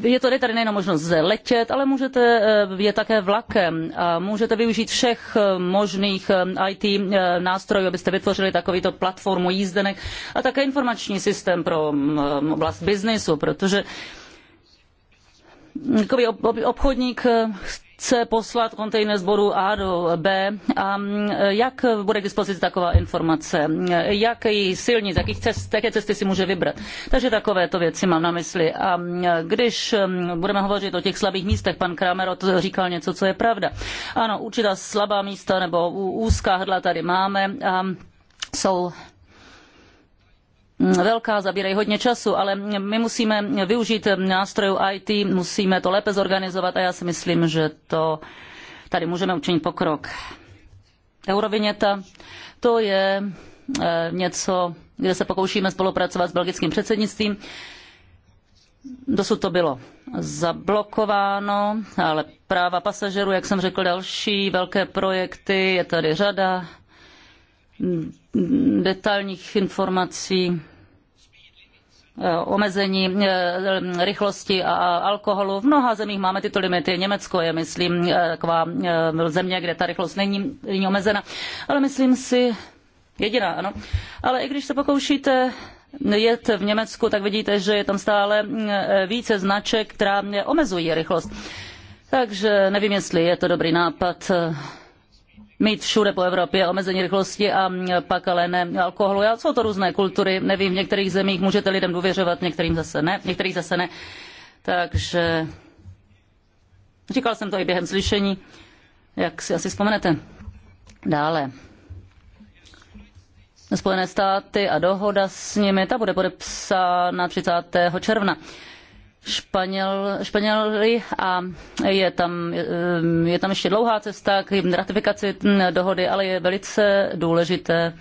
je to tady nejenom možnost letět, ale můžete je také vlakem a můžete můžete využít všech eh, možných eh, IT eh, nástrojů, abyste vytvořili takovýto platformu jízdenek a také informační systém pro mm, oblast biznisu, protože takový obchodník C poslat kontejner z bodu A do B a mm, jak bude k dispozici taková informace, jak silnic, jakých cest, jaké cesty si může vybrat. Takže takovéto věci mám na mysli. A mm, když mm, budeme hovořit o těch slabých místech, pan Kramer říkal něco, co je pravda. Ano, určitá slabá místa nebo úzká hrdla tady máme. A jsou velká, zabírají hodně času, ale my musíme využít nástrojů IT, musíme to lépe zorganizovat a já si myslím, že to tady můžeme učinit pokrok. Euroviněta, to je eh, něco, kde se pokoušíme spolupracovat s belgickým předsednictvím. Dosud to bylo zablokováno, ale práva pasažerů, jak jsem řekl, další velké projekty, je tady řada detailních informací Eh, omezení eh, rychlosti a alkoholu. V mnoha zemích máme tyto limity. Německo je, myslím, eh, taková země, kde ta rychlost není, není omezena. Ale myslím si, jediná, ano. Ale i když se pokoušíte jet v Německu, tak vidíte, že je tam stále více značek, která omezují rychlost. Takže nevím, jestli je to dobrý nápad mít všude po Evropě omezení rychlosti a mm, pak ale ne alkoholu. Já, jsou to různé kultury, nevím, v některých zemích můžete lidem důvěřovat, v některým zase ne, v některých zase ne. Takže říkal jsem to i během slyšení, jak si asi vzpomenete. Dále. Spojené státy a dohoda s nimi, ta bude podepsána 30. června. Španěl, a je tam, eh, je tam ještě dlouhá cesta k ratifikaci dohody, ale je velice důležité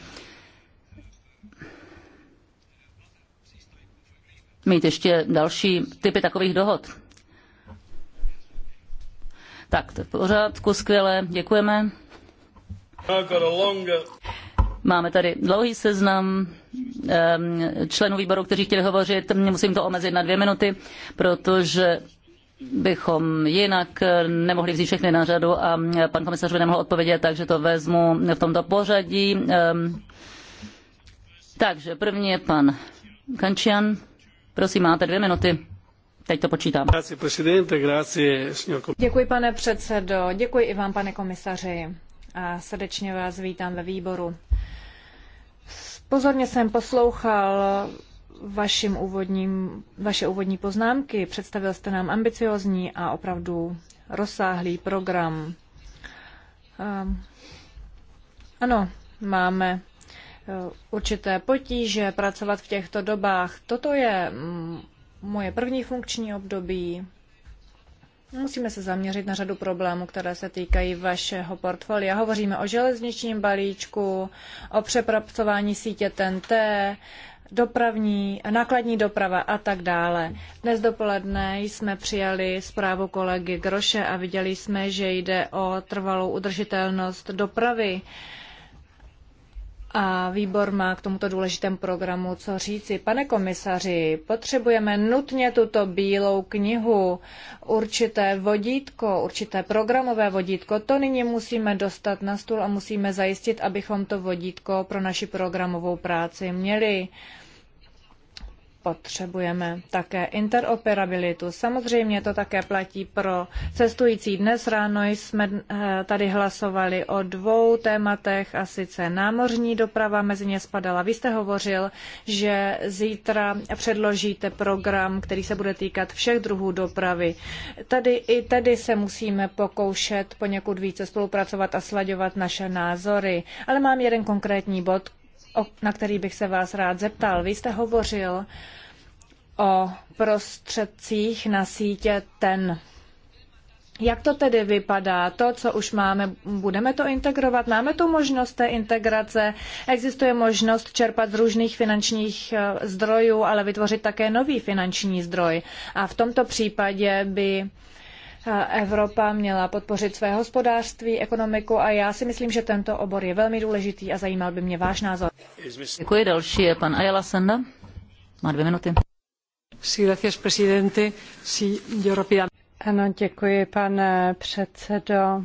mít ještě další typy takových dohod. Tak, to je v pořádku, skvěle, děkujeme. Máme tady dlouhý seznam členů výboru, kteří chtěli hovořit. Musím to omezit na dvě minuty, protože bychom jinak nemohli vzít všechny na řadu a pan komisař by nemohl odpovědět, takže to vezmu v tomto pořadí. Takže první je pan Kančian. Prosím, máte dvě minuty. Teď to počítám. Děkuji, pane předsedo. Děkuji i vám, pane komisaři a srdečně vás vítám ve výboru. Pozorně jsem poslouchal vašim úvodním, vaše úvodní poznámky. Představil jste nám ambiciozní a opravdu rozsáhlý program. Ehm, ano, máme eh, určité potíže pracovat v těchto dobách. Toto je mm, moje první funkční období Musíme se zaměřit na řadu problémů, které se týkají vašeho portfolia. Hovoříme o železničním balíčku, o přepracování sítě TNT, dopravní, nákladní doprava a tak dále. Dnes dopoledne jsme přijali zprávu kolegy Groše a viděli jsme, že jde o trvalou udržitelnost dopravy. Uh, a výbor má k tomuto důležitému programu co říci. Pane komisaři, potřebujeme nutně tuto bílou knihu, určité vodítko, určité programové vodítko. To nyní musíme dostat na stůl a musíme zajistit, abychom to vodítko pro naši programovou práci měli. Potřebujeme také interoperabilitu. Samozřejmě to také platí pro cestující. Dnes ráno jsme eh, tady hlasovali o dvou tématech, a sice námořní doprava, mezi ně spadala. Vy jste hovořil, že zítra předložíte program, který se bude týkat všech druhů dopravy. Tady i tedy se musíme pokoušet poněkud více spolupracovat a slaďovat naše názory. Ale mám jeden konkrétní bod, na který bych se vás rád zeptal. Vy jste hovořil o prostředcích na sítě TEN. Jak to tedy vypadá? To, co už máme, budeme to integrovat? Máme tu možnost té integrace? Existuje možnost čerpat z různých finančních eh, zdrojů, ale vytvořit také nový finanční zdroj. A v tomto případě by Evropa měla podpořit své hospodářství, ekonomiku a já si myslím, že tento obor je velmi důležitý a zajímal by mě váš názor. Děkuji. Další je pan Ayala Senda. Má dvě minuty. Ano, děkuji, pane předsedo.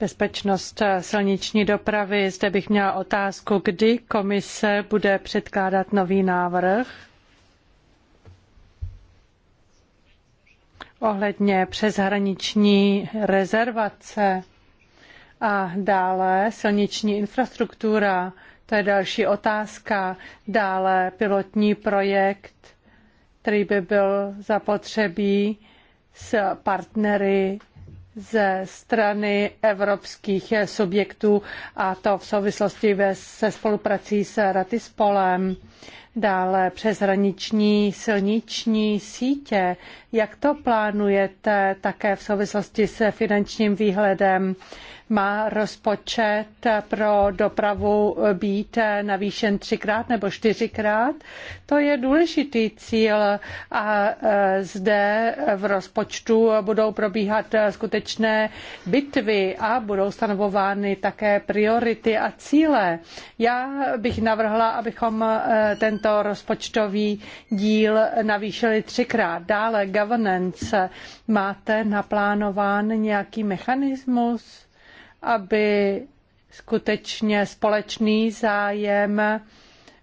Bezpečnost silniční dopravy. Zde bych měla otázku, kdy komise bude předkládat nový návrh ohledně přeshraniční rezervace a dále silniční infrastruktura, to je další otázka, dále pilotní projekt, který by byl zapotřebí s partnery ze strany evropských subjektů a to v souvislosti se spoluprací s Ratispolem dále přeshraniční silniční sítě. Jak to plánujete také v souvislosti se finančním výhledem? má rozpočet pro dopravu být navýšen třikrát nebo čtyřikrát. To je důležitý cíl a e, zde v rozpočtu budou probíhat skutečné bitvy a budou stanovovány také priority a cíle. Já bych navrhla, abychom e, tento rozpočtový díl navýšili třikrát. Dále governance. Máte naplánován nějaký mechanismus? aby skutečně společný zájem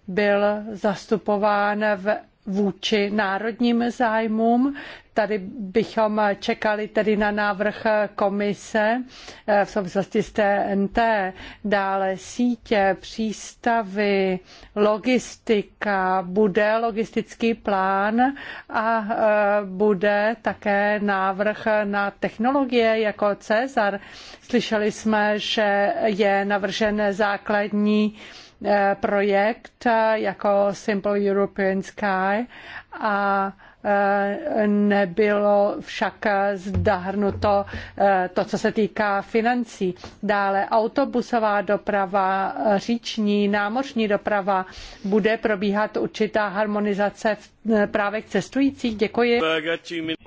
byl zastupován v vůči národním zájmům. Tady bychom čekali tedy na návrh komise eh, v souvislosti s TNT, dále sítě, přístavy, logistika, bude logistický plán a eh, bude také návrh na technologie jako Cezar. Slyšeli jsme, že je navržen základní Eh, projekt eh, jako Simple European Sky a eh, nebylo však zdahrnuto to, co se týká financí. Dále autobusová doprava, říční, námořní doprava, bude probíhat určitá harmonizace v právech cestujících. Děkuji.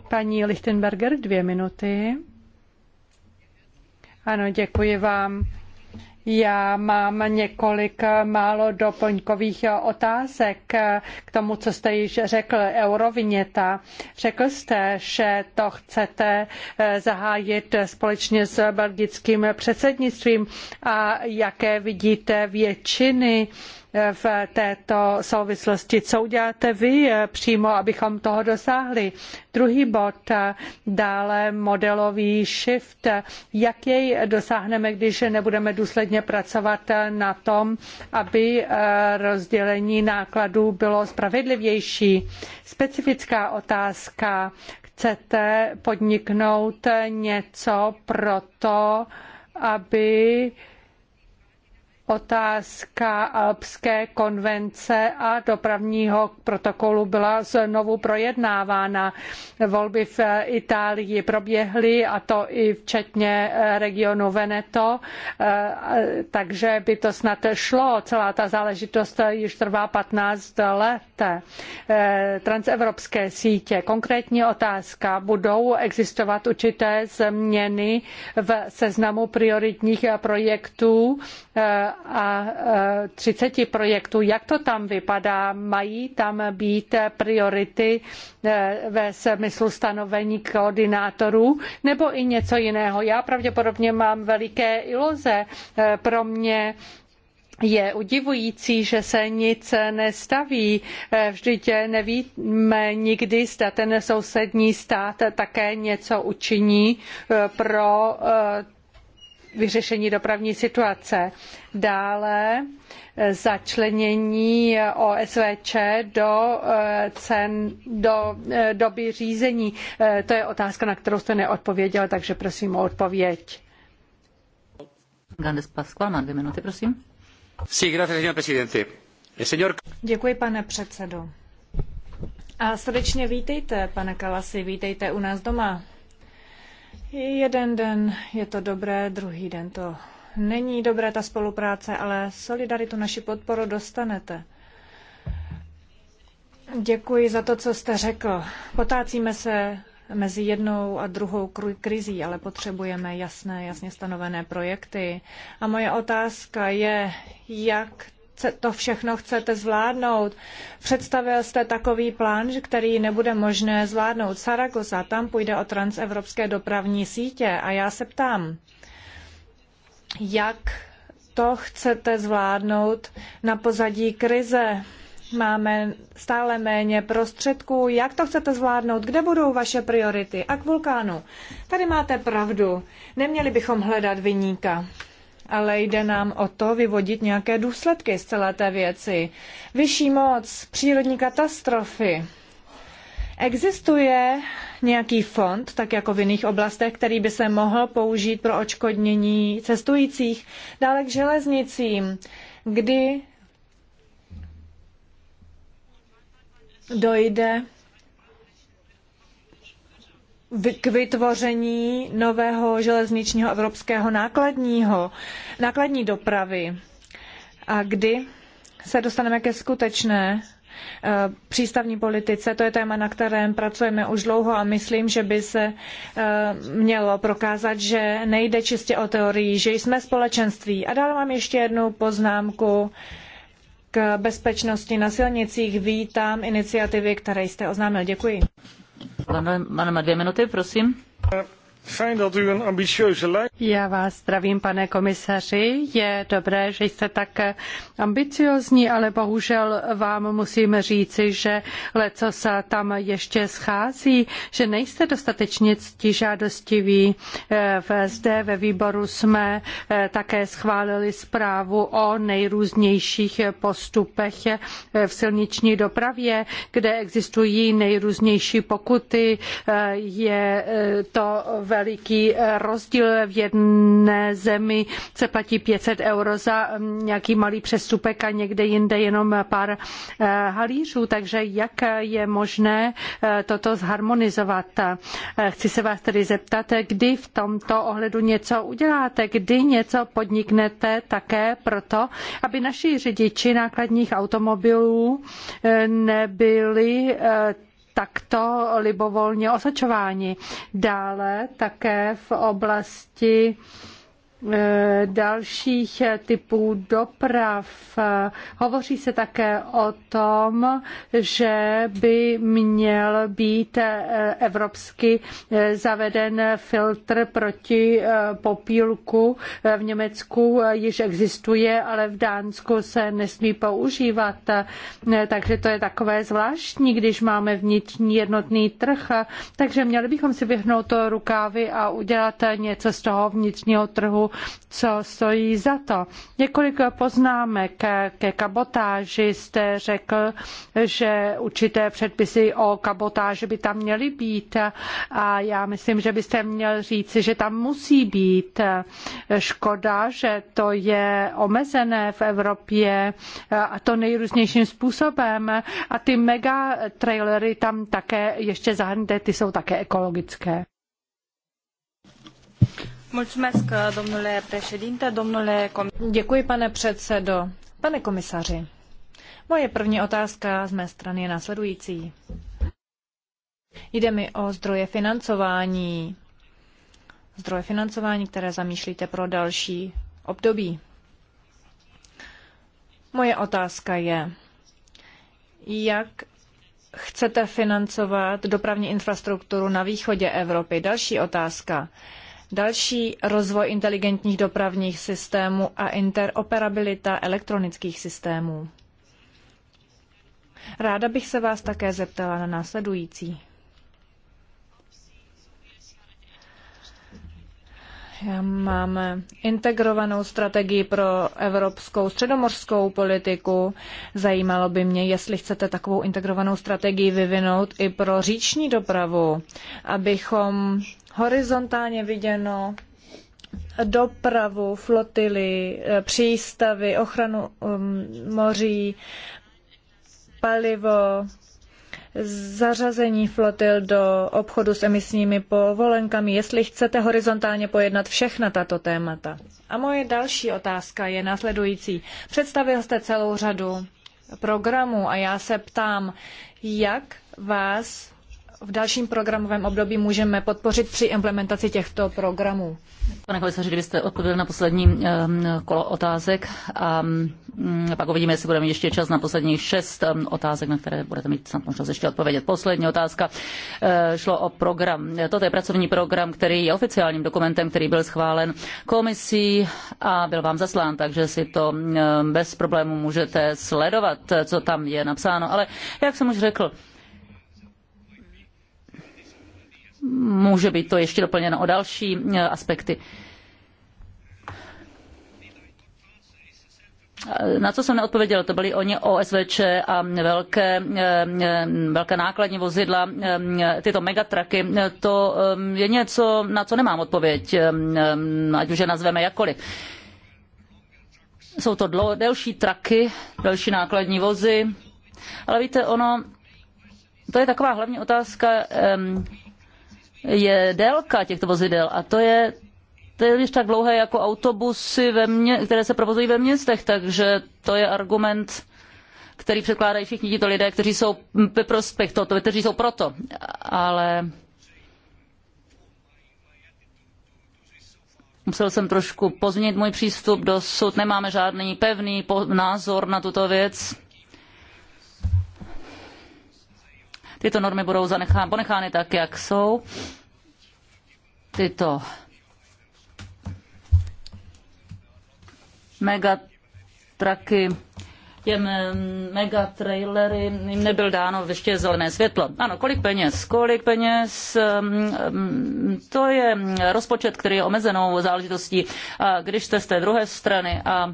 Paní Lichtenberger, dvě minuty. Ano, děkuji vám. Já mám několik málo doplňkových otázek k tomu, co jste již řekl, euroviněta. Řekl jste, že to chcete eh, zahájit společně s belgickým předsednictvím a jaké vidíte většiny v této souvislosti. Co uděláte vy eh, přímo, abychom toho dosáhli? Druhý bod, eh, dále modelový shift. Jak jej dosáhneme, když nebudeme důsledně pracovat eh, na tom, aby rozdělení nákladů bylo spravedlivější? Specifická otázka. Chcete podniknout něco pro to, aby otázka Alpské konvence a dopravního protokolu byla znovu projednávána. Volby v Itálii proběhly a to i včetně regionu Veneto, eh, takže by to snad šlo. Celá ta záležitost již trvá 15 let. Eh, transevropské sítě. Konkrétní otázka. Budou existovat určité změny v seznamu prioritních projektů eh, a 30 e, projektů. Jak to tam vypadá? Mají tam být priority e, ve smyslu stanovení koordinátorů nebo i něco jiného? Já pravděpodobně mám veliké iluze. E, pro mě je udivující, že se nic nestaví. Vždyť nevíme nikdy, zda ten sousední stát také něco učiní pro vyřešení dopravní situace. Dále eh, začlenění OSVČ do, eh, cen, do eh, doby řízení. To je otázka, na kterou jste neodpověděl, takže prosím o odpověď. Gandes Pascual má dvě minuty, prosím. Sí, gracias, señor presidente. Señor... Děkuji, pane předsedo. A srdečně vítejte, pane Kalasi, vítejte u nás doma. Jeden den je to dobré, druhý den to není dobré ta spolupráce, ale solidaritu, naši podporu dostanete. Děkuji za to, co jste řekl. Potácíme se mezi jednou a druhou krizí, ale potřebujeme jasné, jasně stanovené projekty. A moje otázka je, jak to všechno chcete zvládnout. Představil jste takový plán, který nebude možné zvládnout. Saragossa, tam půjde o transevropské dopravní sítě a já se ptám, jak to chcete zvládnout na pozadí krize? Máme stále méně prostředků. Jak to chcete zvládnout? Kde budou vaše priority? A k vulkánu. Tady máte pravdu. Neměli bychom hledat vyníka ale jde nám o to vyvodit nějaké důsledky z celé té věci. Vyšší moc, přírodní katastrofy. Existuje nějaký fond, tak jako v jiných oblastech, který by se mohl použít pro očkodnění cestujících dále k železnicím, kdy dojde k vytvoření nového železničního evropského nákladního, nákladní dopravy a kdy se dostaneme ke skutečné eh, přístavní politice. To je téma, na kterém pracujeme už dlouho a myslím, že by se eh, mělo prokázat, že nejde čistě o teorii, že jsme společenství. A dále mám ještě jednu poznámku k bezpečnosti na silnicích. Vítám iniciativy, které jste oznámil. Děkuji. Pane, máme dvě minuty, prosím. Fijn dat u een ambitieuze lijst. Já vás zdravím, pane komisaři. Je dobré, že jste tak ambiciozní, ale bohužel vám musím říci, že leco se tam ještě schází, že nejste dostatečně ctižádostiví. Zde ve výboru jsme eh, také schválili zprávu o nejrůznějších postupech eh, v silniční dopravě, kde existují nejrůznější pokuty. Eh, je to veliký eh, rozdíl. V jedné zemi se platí 500 euro za mm, nějaký malý přestupek a někde jinde jenom pár eh, halířů. Takže jak je možné eh, toto zharmonizovat? Chci se vás tedy zeptat, kdy v tomto ohledu něco uděláte, kdy něco podniknete také proto, aby naši řidiči nákladních automobilů nebyli takto libovolně osočováni. Dále také v oblasti Eh, dalších typů doprav. Hovoří se také o tom, že by měl být eh, evropsky eh, zaveden filtr proti popílku. V Německu již existuje, ale v Dánsku se nesmí používat. Takže to je takové zvláštní, když máme vnitřní jednotný trh. Takže měli bychom si vyhnout rukávy a udělat něco z toho vnitřního trhu co stojí za to. Několik poznámek ke kabotáži. Jste řekl, že určité předpisy o kabotáži by tam měly být a já myslím, že byste měl říci, že tam musí být. Škoda, že to je omezené v Evropě a to nejrůznějším způsobem a ty mega trailery tam také ještě zahrnete, ty jsou také ekologické. Děkuji, pane předsedo. Pane komisaři, moje první otázka z mé strany je následující. Jde mi o zdroje financování. Zdroje financování, které zamýšlíte pro další období. Moje otázka je, jak chcete financovat dopravní infrastrukturu na východě Evropy? Další otázka další rozvoj inteligentních dopravních systémů a interoperabilita elektronických systémů. Ráda bych se vás také zeptala na následující. Já mám integrovanou strategii pro evropskou středomorskou politiku. Zajímalo by mě, jestli chcete takovou integrovanou strategii vyvinout i pro říční dopravu, abychom horizontálně viděno dopravu, flotily, eh, přístavy, ochranu um, moří, palivo, zařazení flotil do obchodu s emisními povolenkami, jestli chcete horizontálně pojednat všechna tato témata. A moje další otázka je následující. Představil jste celou řadu programů a já se ptám, jak vás v dalším programovém období můžeme podpořit při implementaci těchto programů. Pane komisaři, kdybyste odpověděl na poslední kolo otázek a mm, pak uvidíme, jestli budeme ještě čas na posledních šest otázek, na které budete mít snad možnost ještě odpovědět. Poslední otázka eh, šlo o program. Toto je pracovní program, který je oficiálním dokumentem, který byl schválen komisí a byl vám zaslán, takže si to bez problému můžete sledovat, co tam je napsáno. Ale jak jsem už řekl, může být to ještě doplněno o další e, aspekty. Na co jsem neodpověděl, to byly oni OSVČ a velké, e, e, velké nákladní vozidla, tyto megatraky, to je něco, na co nemám odpověď, ať už je nazveme jakkoliv. Jsou to dlo, delší traky, delší nákladní vozy, ale víte, ono, to je taková hlavní otázka, je délka těchto vozidel a to je téměř tak dlouhé jako autobusy, ve mě, které se provozují ve městech, takže to je argument, který předkládají všichni tito lidé, kteří jsou ve prospěch toto, kteří jsou proto. Ale musel jsem trošku pozměnit můj přístup do dosud. Nemáme žádný pevný názor na tuto věc. tyto normy budou zanechá, ponechány tak, jak jsou. Tyto megatraky těm mm, mega jim nebyl dáno ještě zelené světlo. Ano, kolik peněz? Kolik peněz? Mm, mm, to je rozpočet, který je omezenou záležitostí. A když jste z té druhé strany a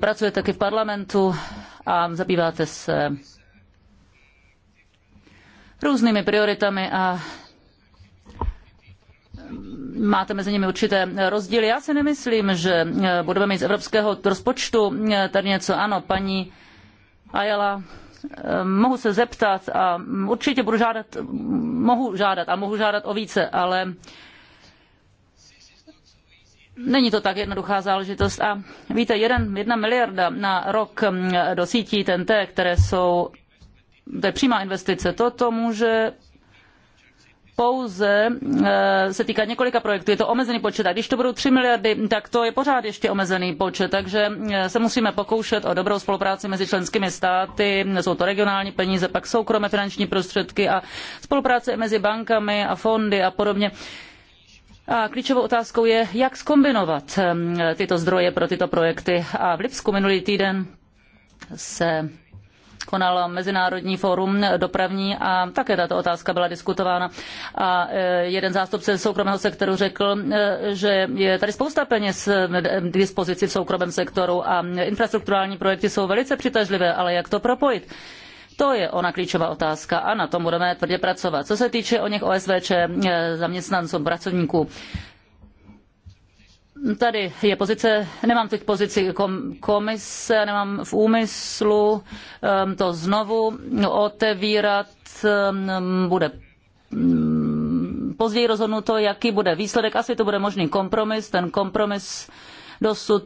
pracujete taky v parlamentu a zabýváte se různými prioritami a máte mezi nimi určité rozdíly. Já si nemyslím, že budeme mít z evropského rozpočtu tady něco. Ano, paní Ayala, mohu se zeptat a určitě budu žádat, mohu žádat a mohu žádat o více, ale Není to tak jednoduchá záležitost. A víte, jeden, jedna miliarda na rok do sítí TNT, které jsou to je přímá investice, toto může pouze eh, se týká několika projektů, je to omezený počet. A když to budou 3 miliardy, tak to je pořád ještě omezený počet. Takže eh, se musíme pokoušet o dobrou spolupráci mezi členskými státy. Jsou to regionální peníze, pak soukromé finanční prostředky a spolupráce mezi bankami a fondy a podobně. A klíčovou otázkou je, jak skombinovat eh, tyto zdroje pro tyto projekty. A v Lipsku minulý týden se konal Mezinárodní fórum dopravní a také tato otázka byla diskutována. A e, jeden zástupce soukromého sektoru řekl, e, že je tady spousta peněz k dispozici v soukromém sektoru a infrastrukturální projekty jsou velice přitažlivé, ale jak to propojit? To je ona klíčová otázka a na tom budeme tvrdě pracovat. Co se týče o něch OSVČ e, zaměstnanců, pracovníků, tady je pozice, nemám teď pozici komise, nemám v úmyslu um, to znovu otevírat, um, bude mm, později rozhodnuto, jaký bude výsledek, asi to bude možný kompromis, ten kompromis dosud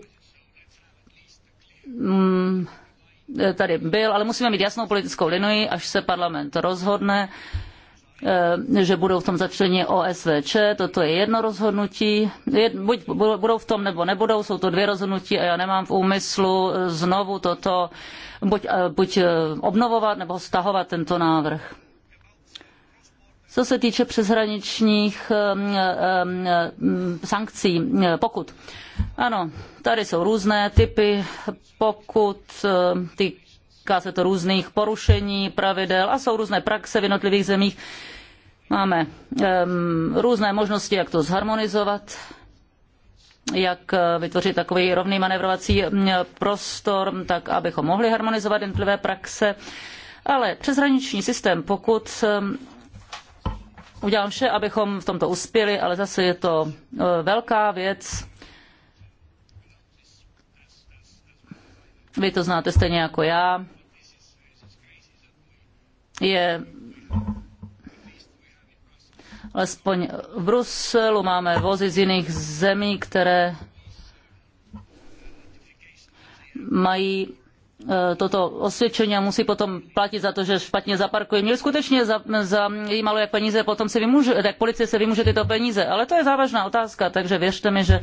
mm, tady byl, ale musíme mít jasnou politickou linii, až se parlament rozhodne, Eh, že budou v tom začleně OSVČ, toto je jedno rozhodnutí, buď budou v tom nebo nebudou, jsou to dvě rozhodnutí a já nemám v úmyslu eh, znovu toto buď, eh, buď obnovovat nebo stahovat tento návrh. Co se týče přeshraničních sankcí, pokud. Ano, tady jsou různé typy, pokud ty týká se to různých porušení pravidel a jsou různé praxe v jednotlivých zemích. Máme um, různé možnosti, jak to zharmonizovat, jak eh, vytvořit takový rovný manevrovací prostor, tak abychom mohli harmonizovat jednotlivé praxe. Ale přeshraniční systém, pokud udělám vše, abychom v tomto uspěli, ale zase je to eh, velká věc, Vy to znáte stejně jako já. Je alespoň v Bruselu máme vozy z jiných zemí, které mají e, toto osvědčení a musí potom platit za to, že špatně zaparkují. Měli skutečně za, za její malé peníze, potom se vymůže, tak policie se vymůže tyto peníze. Ale to je závažná otázka, takže věřte mi, že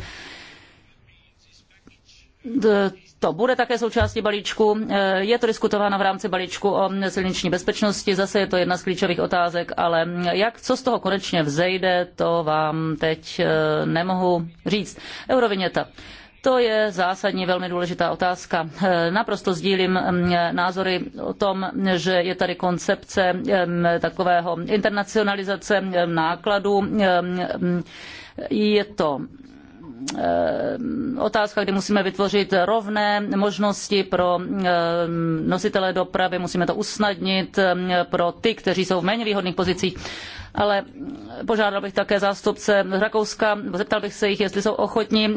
to bude také součástí balíčku. E, je to diskutováno v rámci balíčku o silniční bezpečnosti, zase je to jedna z klíčových otázek, ale jak, co z toho konečně vzejde, to vám teď e, nemohu říct. Euroviněta. To je zásadně velmi důležitá otázka. E, naprosto sdílím názory o tom, že je tady koncepce takového internacionalizace nákladů. Je to Eh, otázka, kdy musíme vytvořit rovné možnosti pro eh, nositele dopravy, musíme to usnadnit eh, pro ty, kteří jsou v méně výhodných pozicích. Ale požádal bych také zástupce Rakouska, zeptal bych se jich, jestli jsou ochotní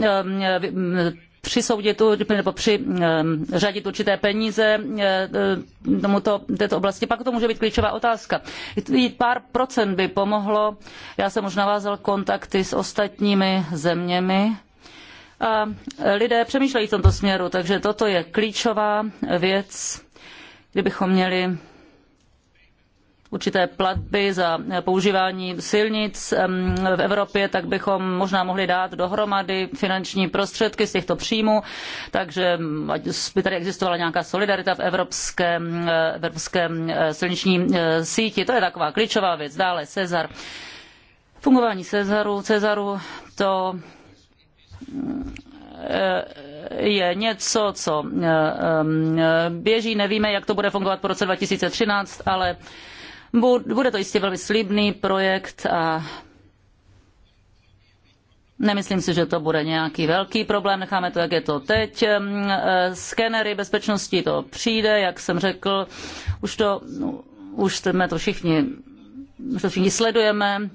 přisoudit nebo přiřadit určité peníze eh, eh, tomuto, této oblasti. Pak to může být klíčová otázka. Pár procent by pomohlo. Já jsem už navázal kontakty s ostatními zeměmi. A eh, lidé přemýšlejí v tomto směru, takže toto je klíčová věc, kdybychom měli určité platby za používání silnic v Evropě, tak bychom možná mohli dát dohromady finanční prostředky z těchto příjmů, takže by tady existovala nějaká solidarita v evropské, evropské silniční síti. To je taková klíčová věc. Dále Cezar. Fungování Cezaru, Cezaru to je něco, co běží, nevíme, jak to bude fungovat po roce 2013, ale bude to jistě velmi slibný projekt a Nemyslím si, že to bude nějaký velký problém, necháme to, jak je to teď. Eh, skenery bezpečnosti to přijde, jak jsem řekl, už to, no, už jsme to všichni, už to všichni sledujeme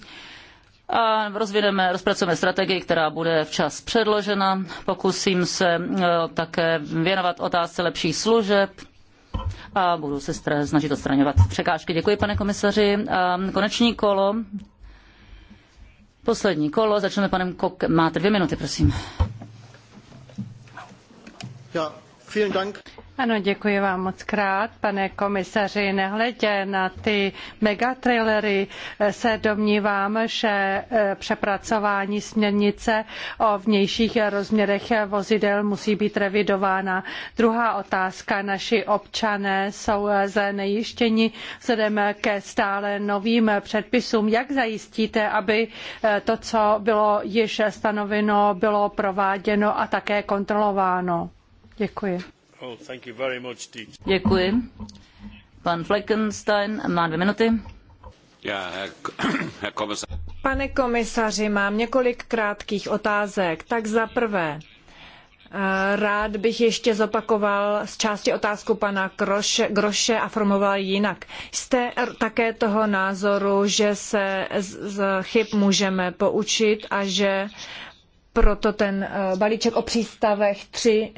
a rozvineme, rozpracujeme strategii, která bude včas předložena. Pokusím se eh, také věnovat otázce lepších služeb, a budu se snažit odstraňovat překážky. Děkuji, pane komisaři. Koneční kolo. Poslední kolo. Začneme panem Kok. Máte dvě minuty, prosím. Ja, vielen Dank. Ano, děkuji vám moc krát, pane komisaři. Nehledě na ty megatrillery eh, se domnívám, že eh, přepracování směrnice o vnějších rozměrech vozidel musí být revidována. Druhá otázka. Naši občané jsou eh, znejištěni vzhledem ke stále novým předpisům. Jak zajistíte, aby to, co bylo již stanoveno, bylo prováděno a také kontrolováno? Děkuji. Oh, Děkuji. Pan Fleckenstein má dvě minuty. Pane komisaři, mám několik krátkých otázek. Tak za prvé, Rád bych ještě zopakoval z části otázku pana Kroše, Groše a formoval jinak. Jste také toho názoru, že se z chyb můžeme poučit a že proto ten e, balíček o přístavech 3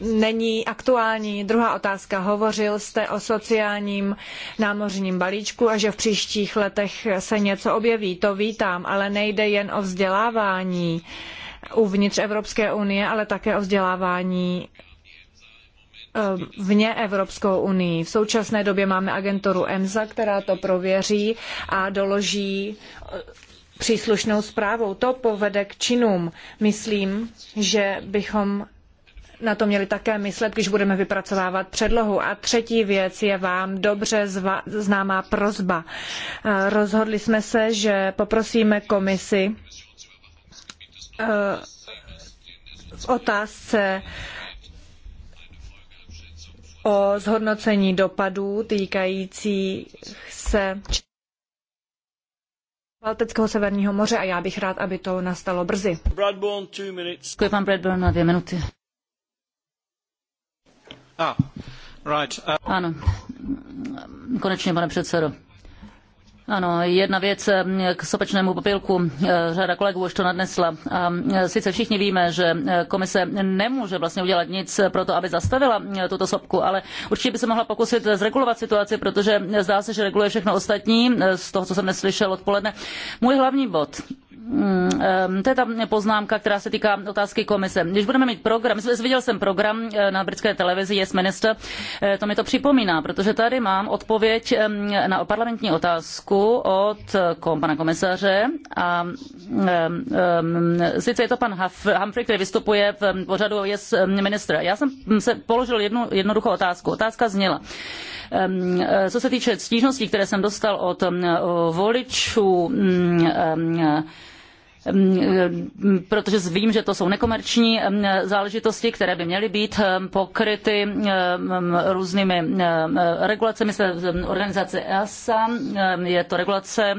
není aktuální. Druhá otázka. Hovořil jste o sociálním námořním balíčku a že v příštích letech se něco objeví. To vítám, ale nejde jen o vzdělávání uvnitř Evropské unie, ale také o vzdělávání eh, vně Evropskou unii. V současné době máme agenturu EMSA, která to prověří a doloží eh, příslušnou zprávou. To povede k činům. Myslím, že bychom na to měli také myslet, když budeme vypracovávat předlohu. A třetí věc je vám dobře známá prozba. Rozhodli jsme se, že poprosíme komisi e, v otázce o zhodnocení dopadů týkajících se Baltského severního moře a já bych rád, aby to nastalo brzy. Děkuji pan Bradburn na dvě minuty. Ah, uh, ano, konečně, pane předsedo. Ano, jedna věc eh, k sopečnému popilku. Eh, řada kolegů už to nadnesla. A eh, sice všichni víme, že komise nemůže vlastně udělat nic pro to, aby zastavila tuto sopku, ale určitě by se mohla pokusit zregulovat situaci, protože zdá se, že reguluje všechno ostatní, z toho, co jsem neslyšel odpoledne. Můj hlavní bod Mm, eh, to je ta poznámka, která se týká otázky komise. Když budeme mít program, viděl jsem program eh, na britské televizi Yes Minister, eh, to mi to připomíná, protože tady mám odpověď na parlamentní otázku od pana komisaře a sice je to pan Humphrey, který vystupuje v pořadu Yes Minister. Já jsem hm, se položil jednu jednoduchou otázku. Otázka zněla co se týče stížností, které jsem dostal od voličů, hm, protože vím, že to jsou nekomerční záležitosti, které by měly být pokryty různými regulacemi se organizace EASA. Je to regulace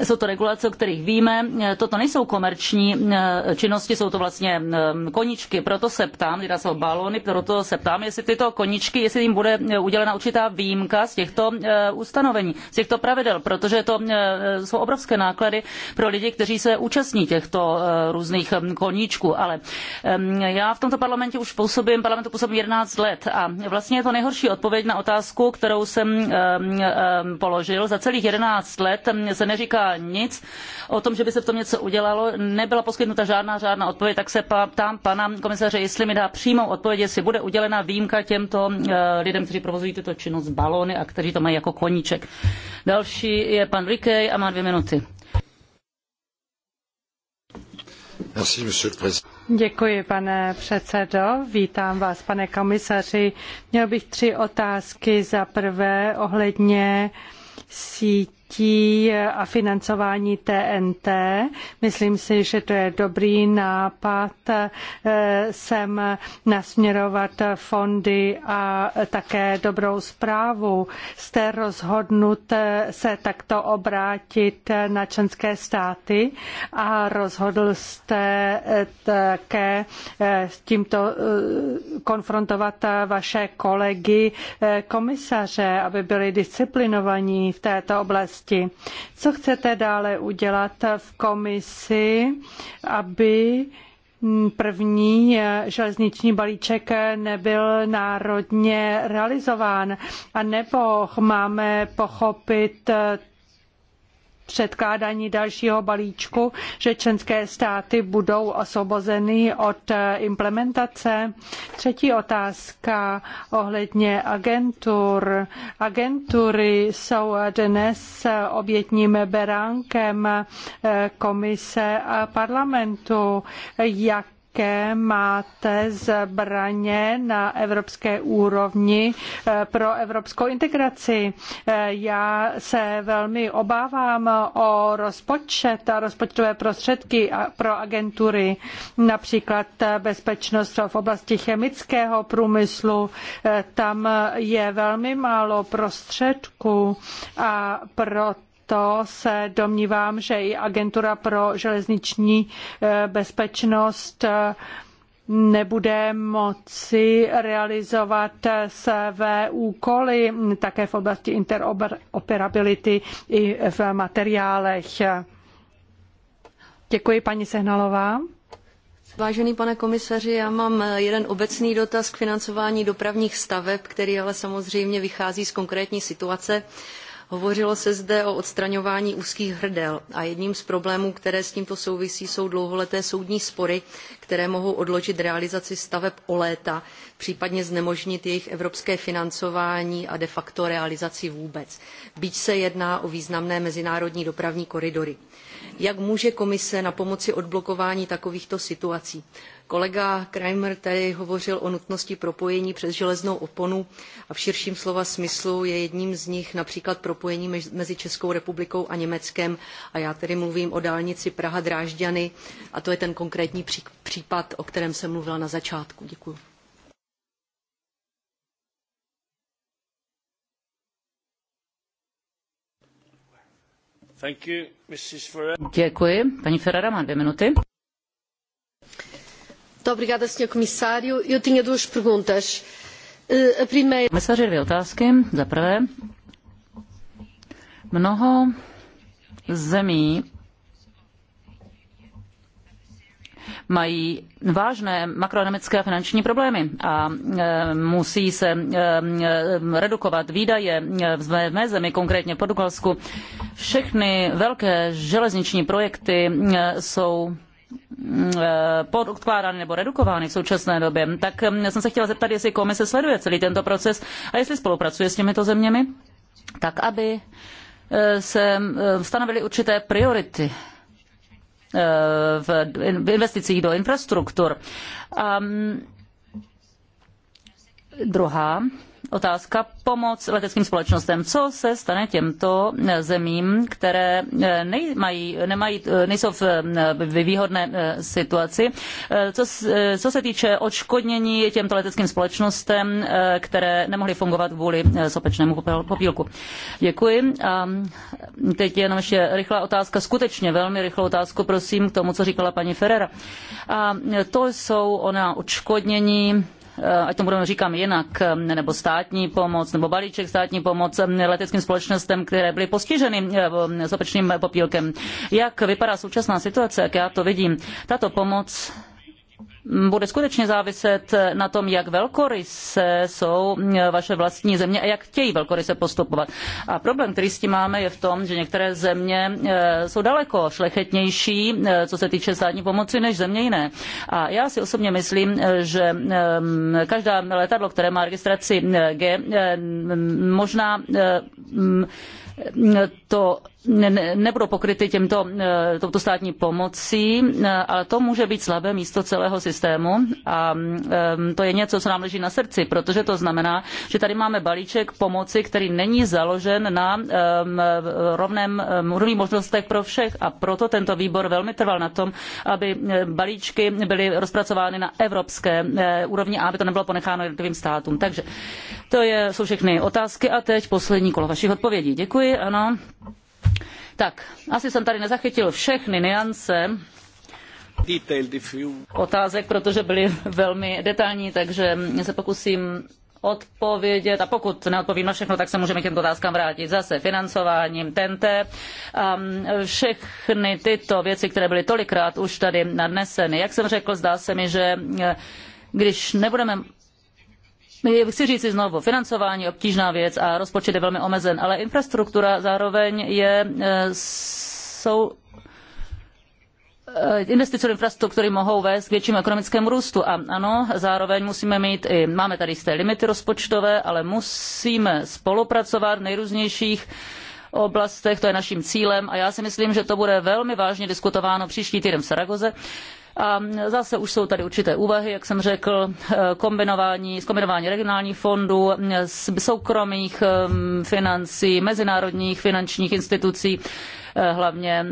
jsou to regulace, o kterých víme. Toto nejsou komerční eh, činnosti, jsou to vlastně eh, koničky. Proto se ptám, teda jsou balony, proto se ptám, jestli tyto koničky, jestli jim bude eh, udělena určitá výjimka z těchto ustanovení, z těchto pravidel, protože to jsou obrovské náklady pro lidi, kteří se účastní těchto různých koníčků. Ale ehm, já v tomto parlamentě už působím, parlamentu působím 11 let a vlastně je to nejhorší odpověď na otázku, kterou jsem ehm, ehm, položil. Za celých 11 let se neříká nic o tom, že by se v tom něco udělalo. Nebyla poskytnuta žádná řádná odpověď, tak se ptám pana komisaře, jestli mi dá přímou odpověď, jestli bude udělena výjimka těmto eh, lidem, kteří provozují tuto činnost balony a kteří to mají jako koníček. Další je pan Rikej a má dvě minuty. Děkuji, pane předsedo. Vítám vás, pane komisaři. Měl bych tři otázky. Za prvé ohledně sítě sítí a financování TNT. Myslím si, že to je dobrý nápad eh, sem nasměrovat fondy a také dobrou zprávu. Jste rozhodnut eh, se takto obrátit na členské státy a rozhodl jste eh, také tímto konfrontovat vaše kolegy komisaře, aby byli disciplinovaní v této oblasti oblasti. Co chcete dále udělat v komisi, aby první železniční balíček nebyl národně realizován, anebo máme pochopit předkládání dalšího balíčku, že členské státy budou osvobozeny od eh, implementace? Třetí otázka ohledně agentur. Agentury jsou dnes obětním beránkem eh, komise a parlamentu. Jak jaké máte zbraně na evropské úrovni eh, pro evropskou integraci. Eh, já se velmi obávám o rozpočet a rozpočtové prostředky pro agentury, například bezpečnost v oblasti chemického průmyslu. Eh, tam je velmi málo prostředků a proto proto se domnívám, že i agentura pro železniční eh, bezpečnost eh, nebude moci realizovat eh, své úkoly také v oblasti interoperability i v materiálech. Děkuji, paní Sehnalová. Vážený pane komisaři, já mám jeden obecný dotaz k financování dopravních staveb, který ale samozřejmě vychází z konkrétní situace. Hovořilo se zde o odstraňování úzkých hrdel a jedním z problémů, které s tímto souvisí, jsou dlouholeté soudní spory, které mohou odložit realizaci staveb o léta, případně znemožnit jejich evropské financování a de facto realizaci vůbec. Byť se jedná o významné mezinárodní dopravní koridory. Jak může komise na pomoci odblokování takovýchto situací? Kolega Kramer tady hovořil o nutnosti propojení přes železnou oponu a v širším slova smyslu je jedním z nich například propojení mezi Českou republikou a Německem a já tedy mluvím o dálnici Praha Drážďany a to je ten konkrétní případ, o kterém jsem mluvila na začátku. Děkuji. Děkuji. Paní Ferrara má dvě minuty obrigada, Sr. Eu tinha duas perguntas. Eh, a primeira... dvě otázky. Za prvé, mnoho zemí mají vážné makroekonomické a finanční problémy a eh, musí se eh, redukovat výdaje v mé zemi, konkrétně v Portugalsku. Všechny velké železniční projekty jsou Eh, podkládány nebo redukovány v současné době, tak hm, jsem se chtěla zeptat, jestli komise sleduje celý tento proces a jestli spolupracuje s těmito zeměmi, tak aby eh, se eh, stanovily určité priority v investicích do infrastruktur. A hm, druhá otázka pomoc leteckým společnostem. Co se stane těmto zemím, které eh, nemají, nemají, eh, nejsou v eh, výhodné situaci? Co, co se týče odškodnění těmto leteckým společnostem, které nemohly fungovat kvůli sopečnému popílku? Děkuji. A teď jenom ještě rychlá otázka, skutečně velmi rychlou otázku, prosím, k tomu, co říkala paní Ferrera. A to jsou ona odškodnění Eh, ať tomu říkám jinak, eh, nebo státní pomoc, nebo balíček státní pomoc eh, leteckým společnostem, které byly postiženy sopečným popílkem. Jak vypadá současná situace, jak já to vidím? Tato pomoc bude skutečně záviset na tom, jak velkoryse jsou vaše vlastní země a jak chtějí velkoryse postupovat. A problém, který s tím máme, je v tom, že některé země eh, jsou daleko šlechetnější, eh, co se týče státní pomoci, než země jiné. A já si osobně myslím, eh, že každá letadlo, které má registraci G, možná to nebudou pokryty těmto, eh, touto státní pomocí, eh, ale to může být slabé místo celého systému a eh, to je něco, co nám leží na srdci, protože to znamená, že tady máme balíček pomoci, který není založen na rovném, rovných možnostech pro všech a proto tento výbor velmi trval na tom, aby balíčky byly rozpracovány na evropské úrovni a aby to nebylo ponecháno jednotlivým státům. Takže to je, jsou všechny otázky a teď poslední kolo vašich odpovědí. Děkuji, ano. Tak, asi jsem tady nezachytil všechny niance otázek, protože byly velmi detailní, takže se pokusím odpovědět a pokud neodpovím na všechno, tak se můžeme k těmto otázkám vrátit zase financováním TNT. A všechny tyto věci, které byly tolikrát už tady nadneseny, jak jsem řekl, zdá se mi, že eh, když nebudeme Chci říct si znovu, financování je obtížná věc a rozpočet je velmi omezen, ale infrastruktura zároveň je, eh, jsou eh, investice do infrastruktury mohou vést k většímu ekonomickému růstu. A ano, zároveň musíme mít i, máme tady jisté limity rozpočtové, ale musíme spolupracovat v nejrůznějších oblastech, to je naším cílem a já si myslím, že to bude velmi vážně diskutováno příští týden v Saragoze a zase už jsou tady určité úvahy, jak jsem řekl, eh, kombinování, zkombinování regionálních fondů, eh, soukromých eh, financí, mezinárodních finančních institucí, hlavně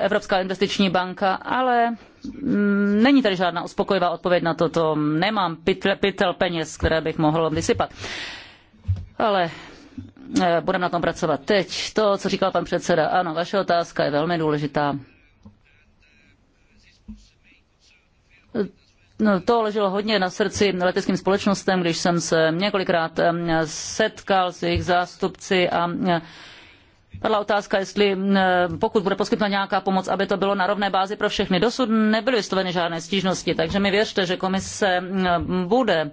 Evropská investiční banka, ale mm, není tady žádná uspokojivá odpověď na toto. Nemám pytel, pytel peněz, které bych mohl vysypat. Ale budeme na tom pracovat teď. To, co říkal pan předseda, ano, vaše otázka je velmi důležitá. No, to leželo hodně na srdci leteckým společnostem, když jsem se několikrát setkal s jejich zástupci a Padla otázka, jestli pokud bude poskytnuta nějaká pomoc, aby to bylo na rovné bázi pro všechny. Dosud nebyly vysloveny žádné stížnosti, takže mi věřte, že komise bude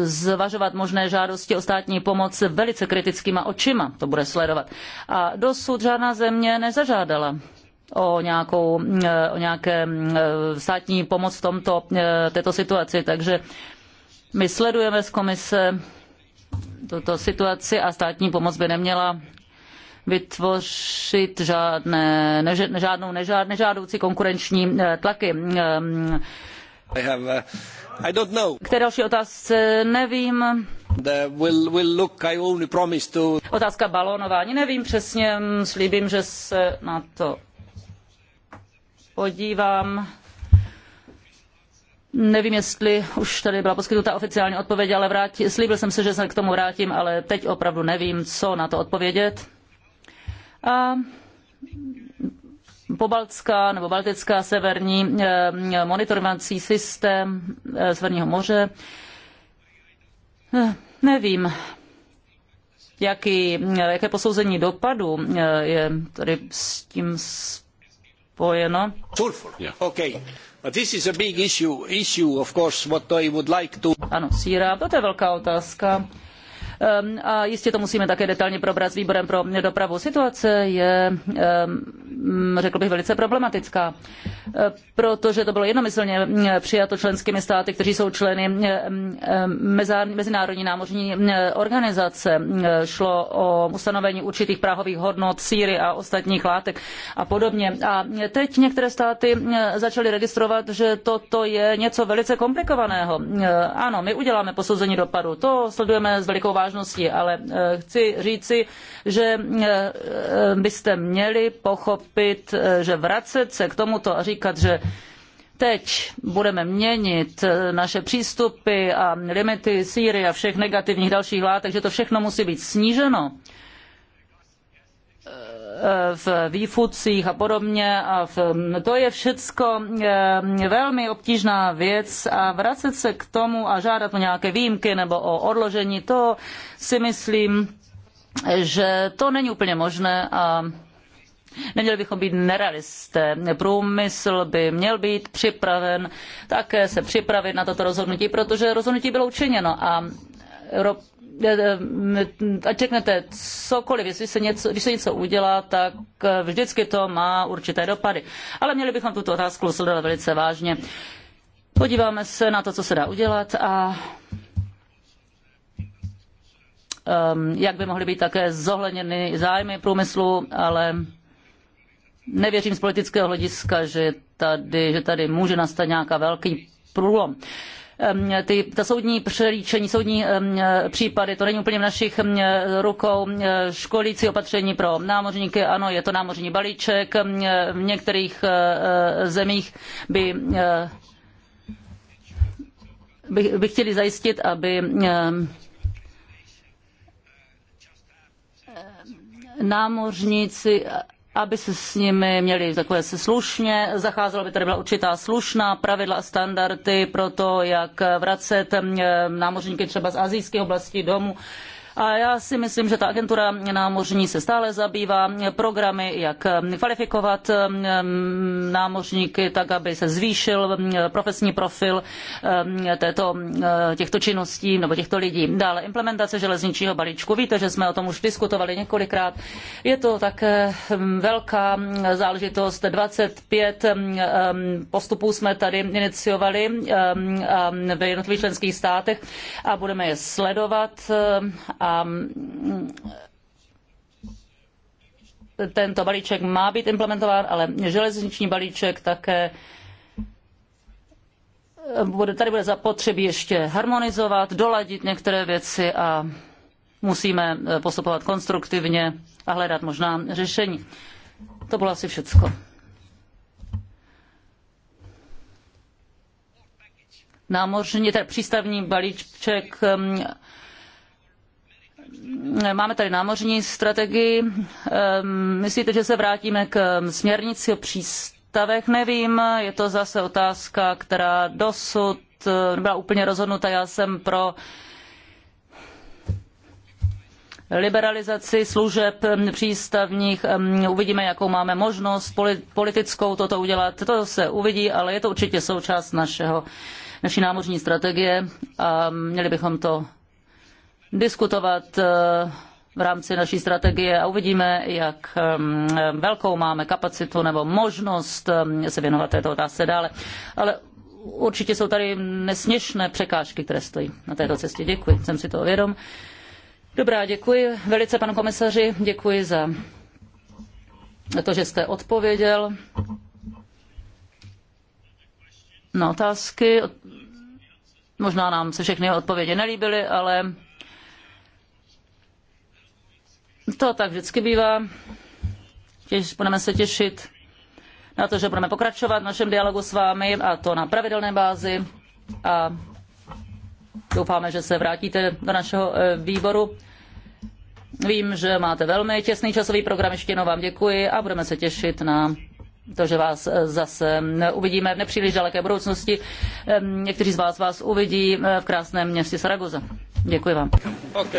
zvažovat možné žádosti o státní pomoc velice kritickýma očima. To bude sledovat. A dosud žádná země nezažádala o, nějakou, eh, o nějaké mm, eh, státní pomoc v tomto, eh, této situaci. Takže my sledujeme z komise tuto situaci a státní pomoc by neměla vytvořit žádné, neže, žádnou nežád, nežádoucí konkurenční tlaky. I have, uh, I don't know. K té další otázce nevím. Will, will look, I only to... Otázka balónování nevím přesně, mm, slíbím, že se na to podívám. Nevím, jestli už tady byla poskytnuta oficiální odpověď, ale vrátí, slíbil jsem se, že se k tomu vrátím, ale teď opravdu nevím, co na to odpovědět. A pobaltská nebo baltická severní eh, monitorovací systém eh, Severního moře. Eh, nevím, jaký, jaké posouzení dopadu je tady s tím spojeno. Ano, síra, to je velká otázka Ehm, a jistě to musíme také detailně probrat s výborem pro dopravu. Situace je, ehm, řekl bych, velice problematická, e, protože to bylo jednomyslně e, přijato členskými státy, kteří jsou členy e, Mezinárodní námořní organizace. Šlo o ustanovení určitých práhových hodnot síry a ostatních látek a podobně. A teď některé státy začaly registrovat, že toto je něco velice komplikovaného. Ano, my uděláme posouzení dopadu, to sledujeme s velikou vážností vážností, ale eh, chci říci, že eh, eh, byste měli pochopit, že vracet se k tomuto a říkat, že teď budeme měnit naše přístupy a limity síry a všech negativních dalších látek, že to všechno musí být sníženo, v výfucích a podobně. A v, to je všecko eh, velmi obtížná věc a vracet se k tomu a žádat o nějaké výjimky nebo o odložení, to si myslím, že to není úplně možné a Neměli bychom být nerealisté. Průmysl by měl být připraven také se připravit na toto rozhodnutí, protože rozhodnutí bylo učiněno a Evropa Eh, eh, ať řeknete cokoliv, jestli se něco, když se něco udělá, tak eh, vždycky to má určité dopady. Ale měli bychom tuto otázku sledovat velice vážně. Podíváme se na to, co se dá udělat a ehm, jak by mohly být také zohledněny zájmy průmyslu, ale nevěřím z politického hlediska, že tady, že tady může nastat nějaká velký průlom. Ehm, ty, ta soudní přelíčení, soudní ehm, případy, to není úplně v našich ehm, rukou. Školící opatření pro námořníky, ano, je to námořní balíček. V některých eh, eh, zemích by eh, by, by chtěli zajistit, aby námořníci aby se s nimi měli takové se slušně, zacházelo by tady byla určitá slušná pravidla a standardy pro to, jak vracet eh, námořníky třeba z azijské oblasti domů a já si myslím, že ta agentura námořní se stále zabývá programy, jak eh, kvalifikovat eh, mm, námořníky tak, aby se zvýšil mm, profesní profil eh, této, těchto činností nebo těchto lidí. Dále implementace železničního balíčku. Víte, že jsme o tom už diskutovali několikrát. Je to také mm, velká záležitost. 25 postupů jsme tady iniciovali v jednotlivých členských státech a budeme je sledovat a Mm, tento balíček má být implementován, ale železniční balíček také eh, bude, tady bude zapotřebí ještě harmonizovat, doladit některé věci a musíme eh, postupovat konstruktivně a hledat možná řešení. To bylo asi všecko. Námořní, tedy přístavní balíček mm, máme tady námořní strategii. Ehm, myslíte, že se vrátíme k směrnici o přístavech? Nevím, je to zase otázka, která dosud eh, byla úplně rozhodnuta. Já jsem pro liberalizaci služeb ehm, přístavních. Ehm, uvidíme, jakou máme možnost politickou toto udělat. To se uvidí, ale je to určitě součást našeho, naší námořní strategie a měli bychom to diskutovat eh, v rámci naší strategie a uvidíme, jak velkou máme kapacitu nebo možnost se věnovat této otázce dále. Ale určitě jsou tady nesměšné překážky, které stojí na této cestě. Děkuji, jsem si toho vědom. Dobrá, děkuji velice, panu komisaři, děkuji za to, že jste odpověděl na otázky. Možná nám se všechny odpovědi nelíbily, ale to tak vždycky bývá. Těž, budeme se těšit na to, že budeme pokračovat v našem dialogu s vámi a to na pravidelné bázi. A doufáme, že se vrátíte do našeho e, výboru. Vím, že máte velmi těsný časový program, ještě jednou vám děkuji a budeme se těšit na to, že vás e, zase e, uvidíme v nepříliš daleké budoucnosti. Někteří z vás vás uvidí v krásném městě Saragoza. Děkuji vám. Okay.